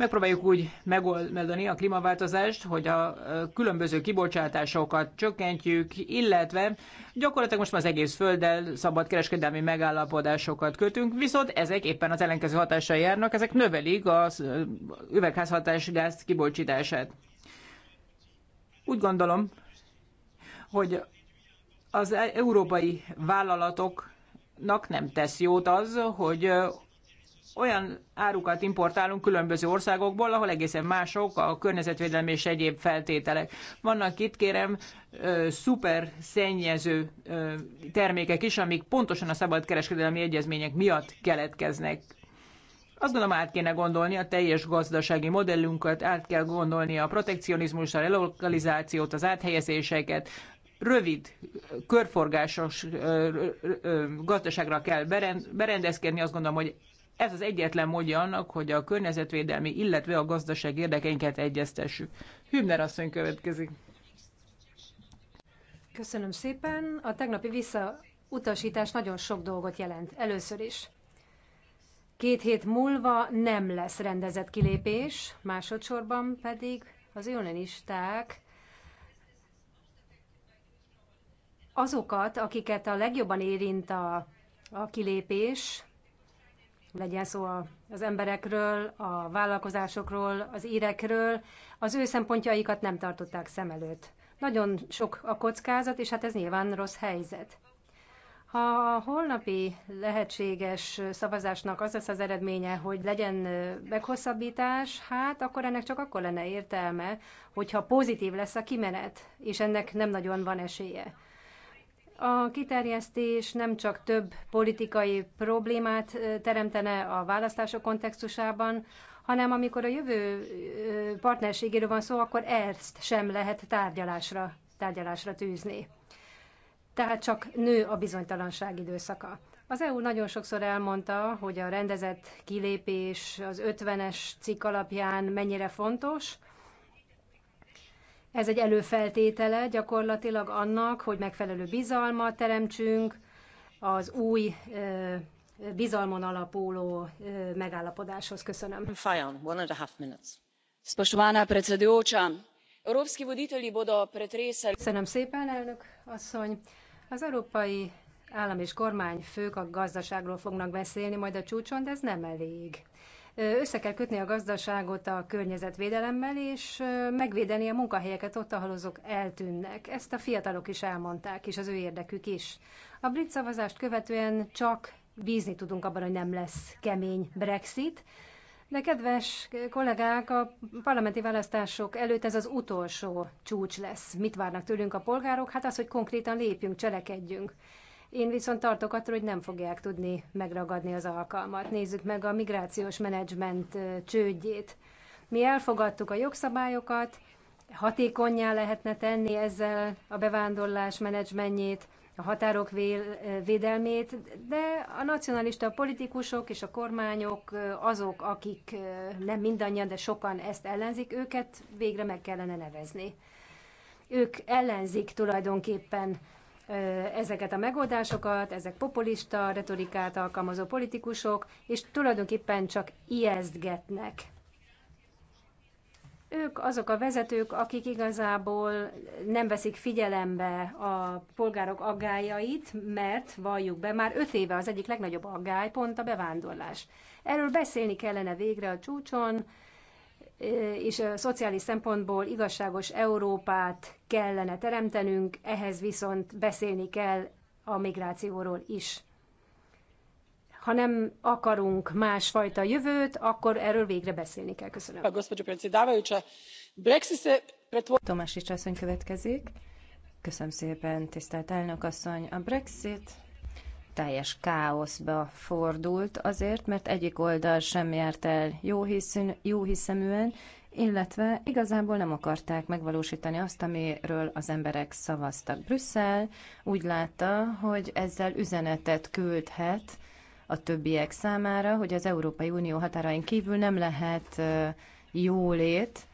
E: Megpróbáljuk úgy megoldani a klímaváltozást, hogy a különböző kibocsátásokat csökkentjük, illetve gyakorlatilag most már az egész földdel szabad kereskedelmi megállapodásokat kötünk, viszont ezek éppen az ellenkező hatással járnak, ezek növelik az üvegházhatás gáz kibocsítását. Úgy gondolom, hogy az e-, európai vállalatoknak nem tesz jót az, hogy olyan árukat importálunk különböző országokból, ahol egészen mások a környezetvédelem és egyéb feltételek. Vannak itt, kérem, szuper szennyező termékek is, amik pontosan a szabadkereskedelmi egyezmények miatt keletkeznek. Azt gondolom át kéne gondolni a teljes gazdasági modellünket, át kell gondolni a protekcionizmus, a relokalizációt, az áthelyezéseket, rövid, körforgásos ö, ö, ö, gazdaságra kell berendezkedni, azt gondolom, hogy ez az egyetlen módja annak, hogy a környezetvédelmi, illetve a gazdaság érdekeinket egyeztessük. Hübner asszony következik.
D: Köszönöm szépen. A tegnapi visszautasítás nagyon sok dolgot jelent. Először is. Két hét múlva nem lesz rendezett kilépés, másodszorban pedig az unionisták azokat, akiket a legjobban érint a, a kilépés, legyen szó az emberekről, a vállalkozásokról, az írekről, az ő szempontjaikat nem tartották szem előtt. Nagyon sok a kockázat, és hát ez nyilván rossz helyzet. Ha a holnapi lehetséges szavazásnak az lesz az eredménye, hogy legyen meghosszabbítás, hát akkor ennek csak akkor lenne értelme, hogyha pozitív lesz a kimenet, és ennek nem nagyon van esélye. A kiterjesztés nem csak több politikai problémát teremtene a választások kontextusában, hanem amikor a jövő partnerségéről van szó, akkor ezt sem lehet tárgyalásra, tárgyalásra tűzni. Tehát csak nő a bizonytalanság időszaka. Az EU nagyon sokszor elmondta, hogy a rendezett kilépés az 50-es cikk alapján mennyire fontos, ez egy előfeltétele gyakorlatilag annak, hogy megfelelő bizalmat teremtsünk az új bizalmon alapuló megállapodáshoz. Köszönöm. Fajon, one and a half minutes. Spoštovana predsedujoča, evropski voditelji bodo pretresali. Köszönöm szépen, elnök asszony. Az európai állam és kormány fők a gazdaságról fognak beszélni majd a csúcson, de ez nem elég. Össze kell kötni a gazdaságot a környezetvédelemmel, és megvédeni a munkahelyeket ott, ahol azok eltűnnek. Ezt a fiatalok is elmondták, és az ő érdekük is. A brit szavazást követően csak bízni tudunk abban, hogy nem lesz kemény Brexit, de kedves kollégák, a parlamenti választások előtt ez az utolsó csúcs lesz. Mit várnak tőlünk a polgárok? Hát az, hogy konkrétan lépjünk, cselekedjünk. Én viszont tartok attól, hogy nem fogják tudni megragadni az alkalmat. Nézzük meg a migrációs menedzsment csődjét. Mi elfogadtuk a jogszabályokat, hatékonyá lehetne tenni ezzel a bevándorlás menedzsmentjét, a határok védelmét, de a nacionalista politikusok és a kormányok azok, akik nem mindannyian, de sokan ezt ellenzik, őket végre meg kellene nevezni. Ők ellenzik tulajdonképpen ezeket a megoldásokat, ezek populista retorikát alkalmazó politikusok, és tulajdonképpen csak ijesztgetnek. Ők azok a vezetők, akik igazából nem veszik figyelembe a polgárok aggájait, mert valljuk be, már öt éve az egyik legnagyobb aggály pont a bevándorlás. Erről beszélni kellene végre a csúcson, Eh, és szociális szempontból igazságos Európát kellene teremtenünk, ehhez viszont beszélni kell a migrációról is. Ha nem akarunk másfajta jövőt, akkor erről végre beszélni kell. Köszönöm.
F: Tomásics asszony következik. Köszönöm szépen, tisztelt elnök asszony. A Brexit teljes káoszba fordult azért, mert egyik oldal sem járt el jó, hiszün, jó hiszeműen, illetve igazából nem akarták megvalósítani azt, amiről az emberek szavaztak. Brüsszel úgy látta, hogy ezzel üzenetet küldhet a többiek számára, hogy az Európai Unió határain kívül nem lehet jólét,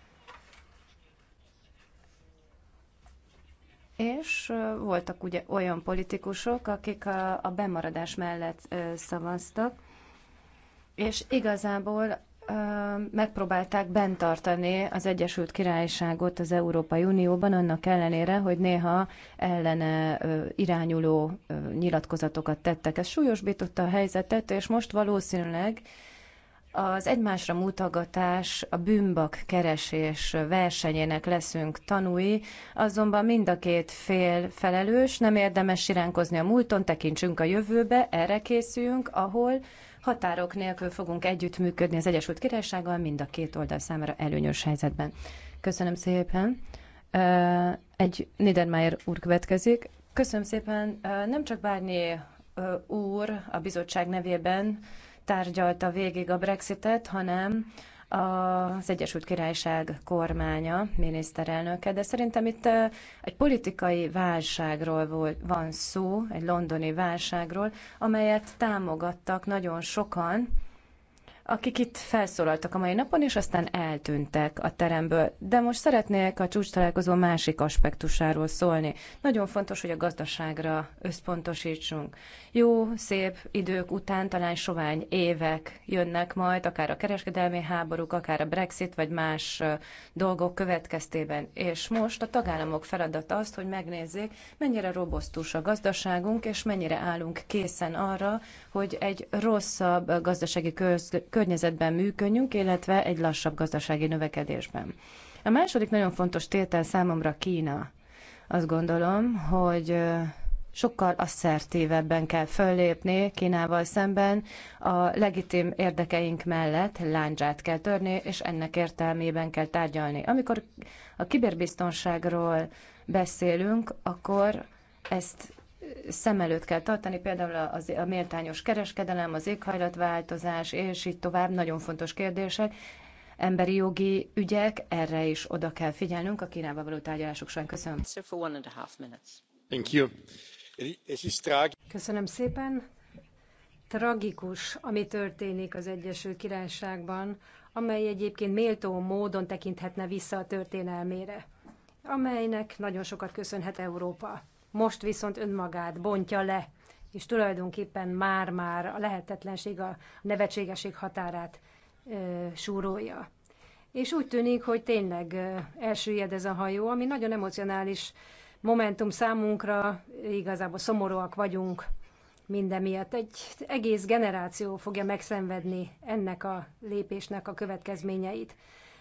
F: És voltak ugye olyan politikusok, akik a, a bemaradás mellett ö, szavaztak, és igazából ö, megpróbálták bentartani az Egyesült Királyságot az Európai Unióban, annak ellenére, hogy néha ellene ö, irányuló ö, nyilatkozatokat tettek. Ez súlyosbította a helyzetet, és most valószínűleg ö, az egymásra mutogatás, a bűnbak keresés versenyének leszünk tanúi, azonban mind a két fél felelős, nem érdemes siránkozni a múlton, tekintsünk a jövőbe, erre készüljünk, ahol határok nélkül fogunk együttműködni az Egyesült Királysággal mind a két oldal számára előnyös helyzetben. Köszönöm szépen. Egy Niedermayer úr következik. Köszönöm szépen. Nem csak Bárnyi úr a bizottság nevében, tárgyalta végig a Brexitet, hanem az Egyesült Királyság kormánya, miniszterelnöke, de szerintem itt egy politikai válságról van szó, egy londoni válságról, amelyet támogattak nagyon sokan, akik itt felszólaltak a mai napon, és aztán eltűntek a teremből. De most szeretnék a csúcs találkozó másik aspektusáról szólni. Nagyon fontos, hogy a gazdaságra összpontosítsunk. Jó, szép idők után talán sovány évek jönnek majd, akár a kereskedelmi háborúk, akár a Brexit, vagy más dolgok következtében. És most a tagállamok feladata azt, hogy megnézzék, mennyire robosztus a gazdaságunk, és mennyire állunk készen arra, hogy egy rosszabb gazdasági köz környezetben működjünk, illetve egy lassabb gazdasági növekedésben. A második nagyon fontos tétel számomra Kína. Azt gondolom, hogy sokkal asszertívebben kell föllépni Kínával szemben, a legitim érdekeink mellett láncsát kell törni, és ennek értelmében kell tárgyalni. Amikor a kiberbiztonságról beszélünk, akkor ezt szem előtt kell tartani, például az, a méltányos kereskedelem, az éghajlatváltozás, és így tovább, nagyon fontos kérdések. Emberi jogi ügyek, erre is oda kell figyelnünk a Kínával való tárgyalások során. Köszönöm. Köszönöm szépen.
D: Tragikus, ami történik az Egyesült Királyságban, amely egyébként méltó módon tekinthetne vissza a történelmére, amelynek nagyon sokat köszönhet Európa most viszont önmagát bontja le, és tulajdonképpen már-már a lehetetlenség, a nevetségeség határát ö, súrolja. És úgy tűnik, hogy tényleg ö, elsüllyed ez a hajó, ami nagyon emocionális momentum számunkra, igazából szomorúak vagyunk minden miatt. Egy egész generáció fogja megszenvedni ennek a lépésnek a következményeit.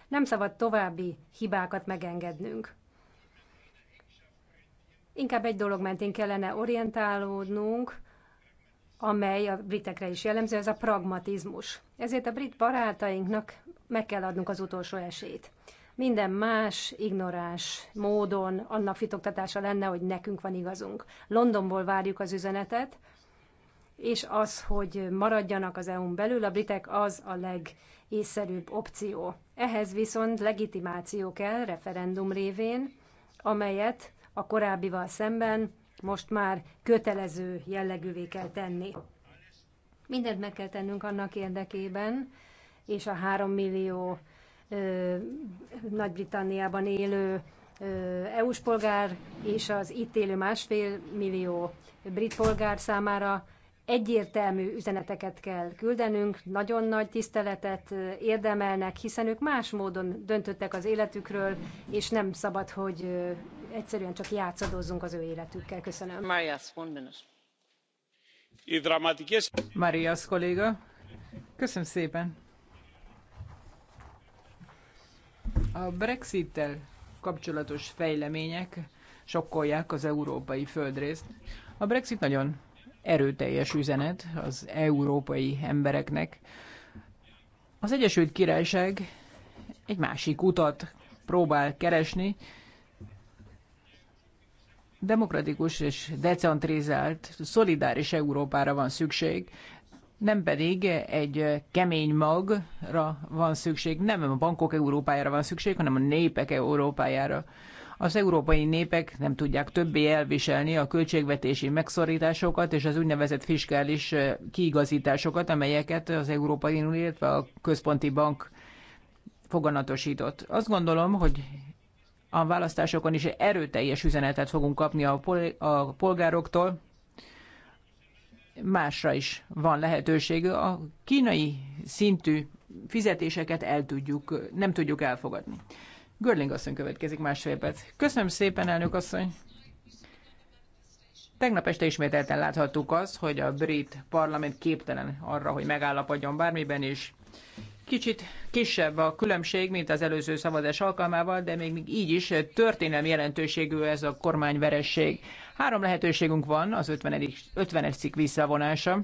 D: Nem szabad további hibákat megengednünk. Inkább egy dolog mentén kellene orientálódnunk, amely a britekre is jellemző, ez a pragmatizmus. Ezért a brit barátainknak meg kell adnunk az utolsó esélyt. Minden más, ignorás módon annak fitoktatása lenne, hogy nekünk van igazunk. Londonból várjuk az üzenetet, és az, hogy maradjanak az EU-n belül, a britek az a legészszerűbb opció. Ehhez viszont legitimáció kell referendum révén, amelyet a korábbival szemben most már kötelező jellegűvé kell tenni. Mindent meg kell tennünk annak érdekében, és a három millió Nagy-Britanniában élő EU-s polgár és az itt élő másfél millió brit polgár számára egyértelmű üzeneteket kell küldenünk, nagyon nagy tiszteletet érdemelnek, hiszen ők más módon döntöttek az életükről, és nem szabad, hogy egyszerűen csak játszadozzunk az
E: ő életükkel. Köszönöm. Marias, kolléga, köszönöm szépen. A Brexit-tel kapcsolatos fejlemények sokkolják az európai földrészt. A Brexit nagyon erőteljes üzenet az európai embereknek. Az Egyesült Királyság egy másik utat próbál keresni, demokratikus és decentralizált, szolidáris Európára van szükség, nem pedig egy kemény magra van szükség, nem a bankok Európájára van szükség, hanem a népek Európájára. Az európai népek nem tudják többé elviselni a költségvetési megszorításokat és az úgynevezett fiskális kiigazításokat, amelyeket az Európai Unió, illetve a Központi Bank foganatosított. Azt gondolom, hogy a választásokon is erőteljes üzenetet fogunk kapni a, pol- a polgároktól. Másra is van lehetőség. A kínai szintű fizetéseket el tudjuk, nem tudjuk elfogadni. Görling asszony következik másfél perc. Köszönöm szépen, elnök asszony! Tegnap este ismételten láthattuk azt, hogy a brit parlament képtelen arra, hogy megállapodjon bármiben is. Kicsit kisebb a különbség, mint az előző szavazás alkalmával, de még így is történelmi jelentőségű ez a kormányveresség. Három lehetőségünk van az 50. 50. cikk visszavonása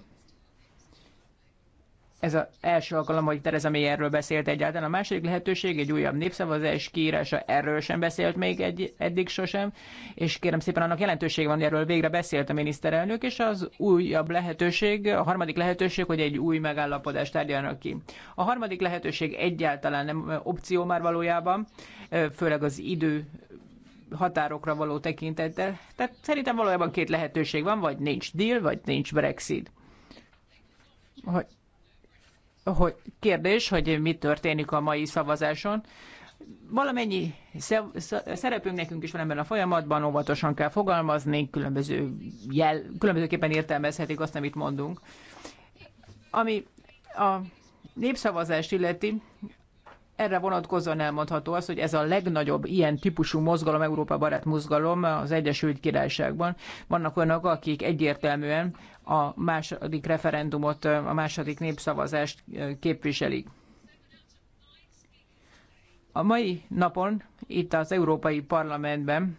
E: ez az első alkalom, hogy Tereza May erről beszélt egyáltalán. A második lehetőség egy újabb népszavazás kiírása, erről sem beszélt még egy, eddig sosem, és kérem szépen annak jelentőség van, erről végre beszélt a miniszterelnök, és az újabb lehetőség, a harmadik lehetőség, hogy egy új megállapodást tárgyalnak ki. A harmadik lehetőség egyáltalán nem opció már valójában, főleg az idő határokra való tekintettel. Tehát szerintem valójában két lehetőség van, vagy nincs deal, vagy nincs Brexit. Hogy hogy kérdés, hogy mi történik a mai szavazáson. Valamennyi szerepünk nekünk is van ebben a folyamatban, óvatosan kell fogalmazni, különböző jel, különbözőképpen értelmezhetik azt, amit mondunk. Ami a népszavazást illeti, erre vonatkozóan elmondható az, hogy ez a legnagyobb ilyen típusú mozgalom, Európa barát mozgalom az Egyesült Királyságban. Vannak olyanok, akik egyértelműen a második referendumot, a második népszavazást képviselik. A mai napon itt az Európai Parlamentben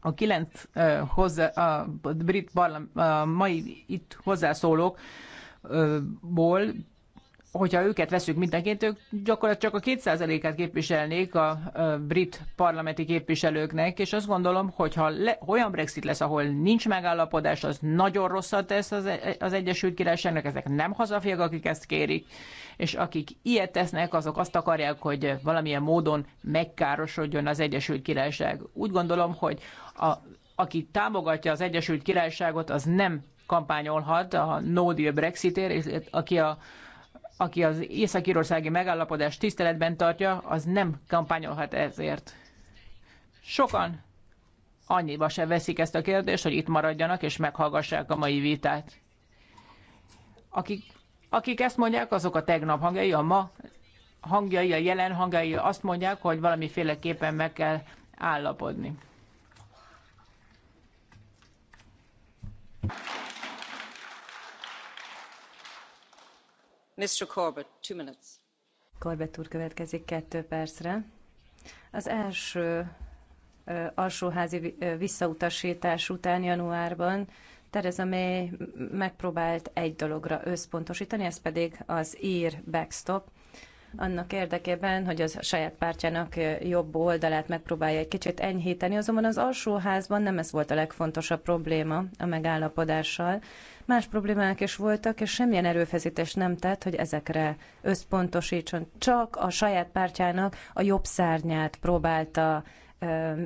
E: a kilenc uh, hozzá, a brit parlament a mai itt hozzászólókból hogyha őket veszük mindenként, ők gyakorlatilag csak a 2%-át képviselnék a brit parlamenti képviselőknek, és azt gondolom, hogy ha le, olyan Brexit lesz, ahol nincs megállapodás, az nagyon rosszat tesz az, e-, az Egyesült Királyságnak, ezek nem hazafiak, akik ezt kérik, és akik ilyet tesznek, azok azt akarják, hogy valamilyen módon megkárosodjon az Egyesült Királyság. Úgy gondolom, hogy a, aki támogatja az Egyesült Királyságot, az nem kampányolhat a no deal Brexitért, aki a aki az észak megállapodást tiszteletben tartja, az nem kampányolhat ezért. Sokan annyiba se veszik ezt a kérdést, hogy itt maradjanak és meghallgassák a mai vitát. Akik, akik ezt mondják, azok a tegnap hangjai, a ma hangjai, a jelen hangjai azt mondják, hogy valamiféleképpen meg kell állapodni.
F: corbett úr következik percre. az első alsóházi visszautasítás után januárban Theresa May megpróbált egy dologra összpontosítani, ez pedig az ír backstop, annak érdekében, hogy az saját pártjának jobb oldalát megpróbálja egy kicsit enyhíteni, azonban az alsóházban nem ez volt a legfontosabb probléma a megállapodással. Más problémák is voltak, és semmilyen erőfeszítés nem tett, hogy ezekre összpontosítson. Csak a saját pártjának a jobb szárnyát próbálta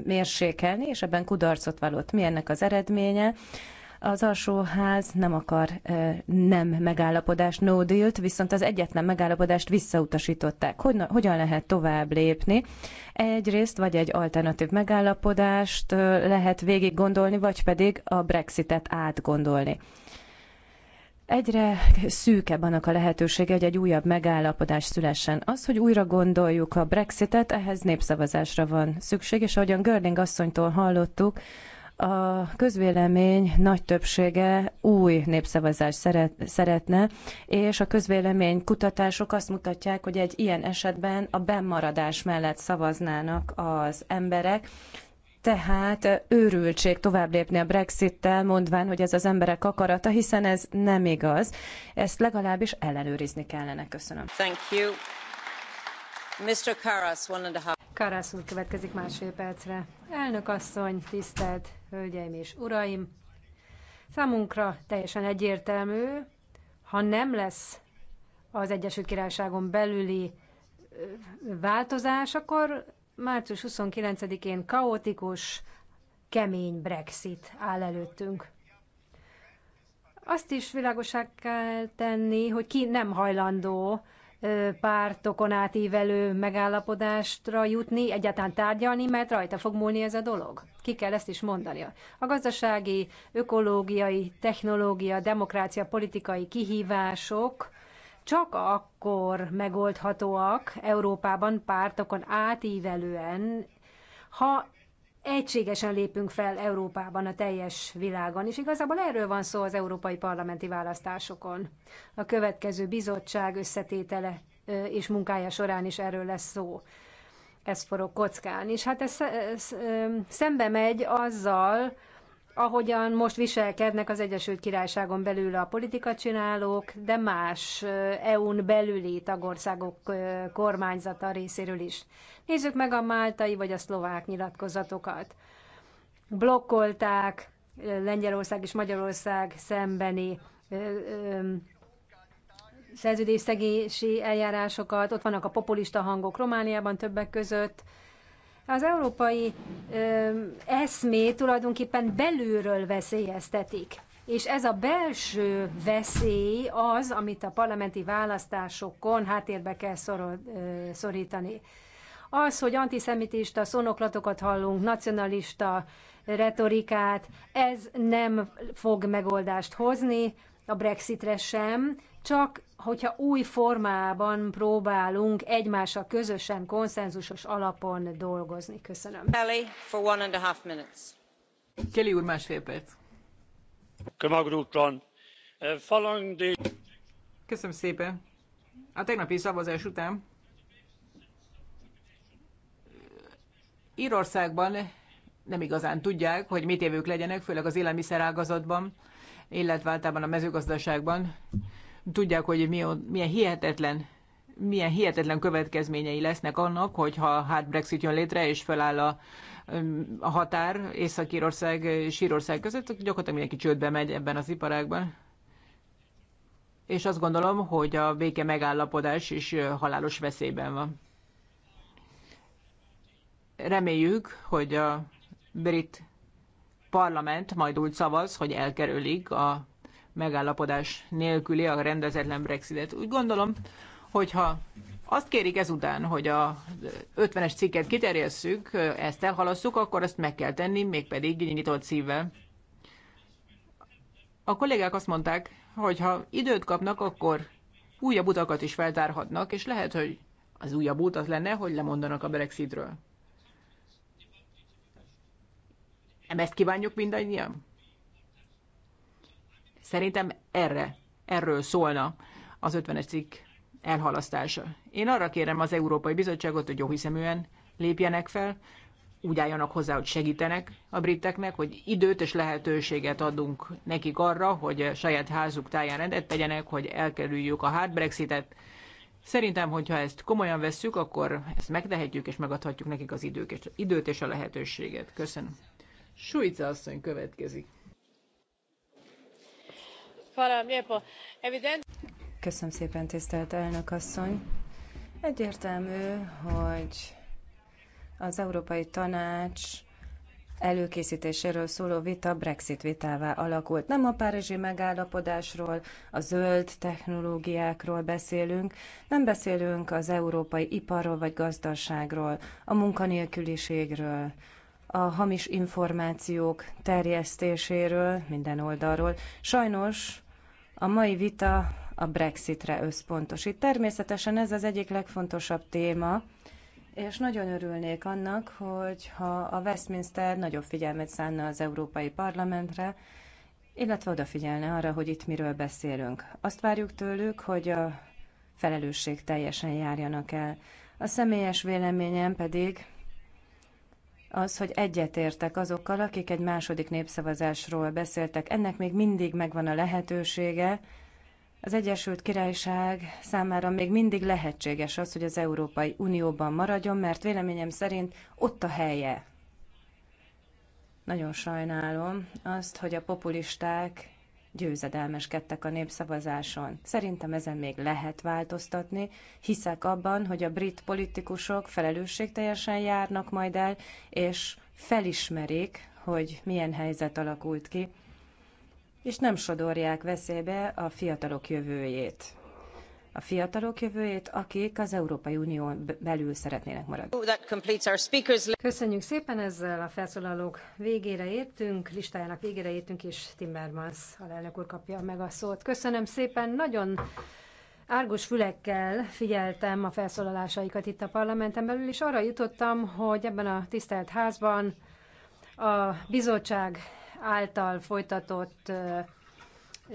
F: mérsékelni, és ebben kudarcot vallott. Mi ennek az eredménye? Az alsóház nem akar nem megállapodást, no deal viszont az egyetlen megállapodást visszautasították. Hogy, hogyan lehet tovább lépni? Egyrészt vagy egy alternatív megállapodást lehet végig gondolni, vagy pedig a Brexitet átgondolni. Egyre szűkebb annak a lehetősége, hogy egy újabb megállapodás szülessen. Az, hogy újra gondoljuk a Brexitet, ehhez népszavazásra van szükség, és ahogyan Görling asszonytól hallottuk, a közvélemény nagy többsége új népszavazást szeret, szeretne, és a közvélemény kutatások azt mutatják, hogy egy ilyen esetben a bemaradás mellett szavaznának az emberek, tehát őrültség tovább lépni a Brexit-tel, mondván, hogy ez az emberek akarata, hiszen ez nem igaz. Ezt legalábbis ellenőrizni kellene. Köszönöm.
D: Thank you. Mr. Karas, one and a half. Karas úr következik másfél percre. Elnök asszony, tisztelt hölgyeim és uraim! Számunkra teljesen egyértelmű, ha nem lesz az Egyesült Királyságon belüli változás, akkor Március 29-én kaotikus, kemény Brexit áll előttünk. Azt is világosá kell tenni, hogy ki nem hajlandó pártokon átívelő megállapodásra jutni, egyáltalán tárgyalni, mert rajta fog múlni ez a dolog. Ki kell ezt is mondani. A gazdasági, ökológiai, technológia, demokrácia, politikai kihívások csak akkor megoldhatóak Európában pártokon átívelően, ha egységesen lépünk fel Európában, a teljes világon, és igazából erről van szó az európai parlamenti választásokon. A következő bizottság összetétele és munkája során is erről lesz szó. Ez forog kockán, és hát ez, ez, ez szembe megy azzal, ahogyan most viselkednek az Egyesült Királyságon belül a politikacsinálók, de más eh, EU-n belüli tagországok eh, kormányzata részéről is. Nézzük meg a máltai vagy a szlovák nyilatkozatokat. Blokkolták eh, Lengyelország és Magyarország szembeni szerződésszegési eljárásokat, ott vannak a populista hangok Romániában többek között, az európai ö, eszmét tulajdonképpen belülről veszélyeztetik. És ez a belső veszély az, amit a parlamenti választásokon háttérbe kell szorol, ö, szorítani. Az, hogy antiszemitista szónoklatokat hallunk, nacionalista retorikát, ez nem fog megoldást hozni, a Brexitre sem, csak hogyha új formában próbálunk egymással közösen, konszenzusos alapon dolgozni. Köszönöm. Kelly, for one and a half minutes. Kelly úr,
E: másfél perc. Köszönöm szépen. A tegnapi szavazás után Írországban nem igazán tudják, hogy mit évők legyenek, főleg az élelmiszerágazatban, illetve általában a mezőgazdaságban tudják, hogy milyen hihetetlen milyen hihetetlen következményei lesznek annak, hogyha hát Brexit jön létre, és feláll a, a határ Észak-Írország és Írország között, gyakorlatilag mindenki csődbe megy ebben az iparágban. És azt gondolom, hogy a béke megállapodás is halálos veszélyben van. Reméljük, hogy a brit parlament majd úgy szavaz, hogy elkerülik a megállapodás nélküli a rendezetlen Brexitet. Úgy gondolom, hogyha azt kérik ezután, hogy a 50-es cikket kiterjesszük, ezt elhalasszuk, akkor ezt meg kell tenni, mégpedig nyitott szívvel. A kollégák azt mondták, hogy ha időt kapnak, akkor újabb utakat is feltárhatnak, és lehet, hogy az újabb út az lenne, hogy lemondanak a Brexitről. Nem ezt kívánjuk mindannyian? Szerintem erre, erről szólna az 50-es cikk elhalasztása. Én arra kérem az Európai Bizottságot, hogy jó hiszeműen lépjenek fel, úgy álljanak hozzá, hogy segítenek a briteknek, hogy időt és lehetőséget adunk nekik arra, hogy saját házuk táján rendet tegyenek, hogy elkerüljük a hard Brexitet. Szerintem, hogyha ezt komolyan vesszük, akkor ezt megtehetjük és megadhatjuk nekik az időt és a lehetőséget. Köszönöm. Sújca asszony következik.
F: Köszönöm szépen, tisztelt elnök asszony. Egyértelmű, hogy az Európai Tanács előkészítéséről szóló vita Brexit vitává alakult. Nem a párizsi megállapodásról, a zöld technológiákról beszélünk, nem beszélünk az európai iparról vagy gazdaságról, a munkanélküliségről, a hamis információk terjesztéséről minden oldalról. Sajnos a mai vita a Brexitre összpontosít. Természetesen ez az egyik legfontosabb téma, és nagyon örülnék annak, hogyha a Westminster nagyobb figyelmet szánna az Európai Parlamentre, illetve odafigyelne arra, hogy itt miről beszélünk. Azt várjuk tőlük, hogy a felelősség teljesen járjanak el. A személyes véleményem pedig az, hogy egyetértek azokkal, akik egy második népszavazásról beszéltek. Ennek még mindig megvan a lehetősége. Az Egyesült Királyság számára még mindig lehetséges az, hogy az Európai Unióban maradjon, mert véleményem szerint ott a helye. Nagyon sajnálom azt, hogy a populisták győzedelmeskedtek a népszavazáson. Szerintem ezen még lehet változtatni. Hiszek abban, hogy a brit politikusok felelősségteljesen járnak majd el, és felismerik, hogy milyen helyzet alakult ki, és nem sodorják veszélybe a fiatalok jövőjét a fiatalok jövőjét, akik az Európai Unión belül szeretnének maradni.
D: Köszönjük szépen, ezzel a felszólalók végére értünk, listájának végére értünk, és Timmermans alelnök úr kapja meg a szót. Köszönöm szépen, nagyon árgus fülekkel figyeltem a felszólalásaikat itt a parlamenten belül, és arra jutottam, hogy ebben a tisztelt házban a bizottság által folytatott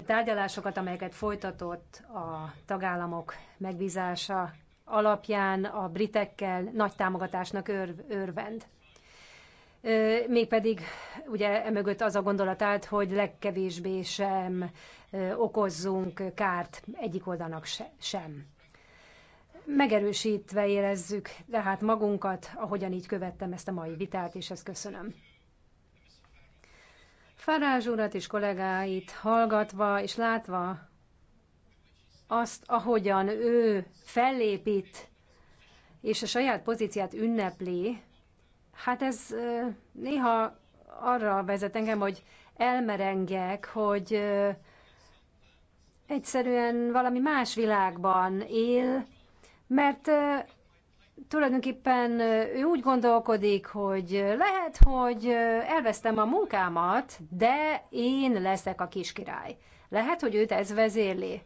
D: tárgyalásokat, amelyeket folytatott a tagállamok megbízása alapján a britekkel nagy támogatásnak ör, örvend. Mégpedig ugye emögött az a gondolat állt, hogy legkevésbé sem okozzunk kárt egyik oldalnak se, sem. Megerősítve érezzük tehát magunkat, ahogyan így követtem ezt a mai vitát, és ezt köszönöm. Farázs urat és kollégáit hallgatva és látva azt, ahogyan ő fellépít és a saját pozíciát ünnepli, hát ez néha arra vezet engem, hogy elmerengek, hogy egyszerűen valami más világban él, mert tulajdonképpen ő úgy gondolkodik, hogy lehet, hogy elvesztem a munkámat, de én leszek a kiskirály. Lehet, hogy őt ez vezérli.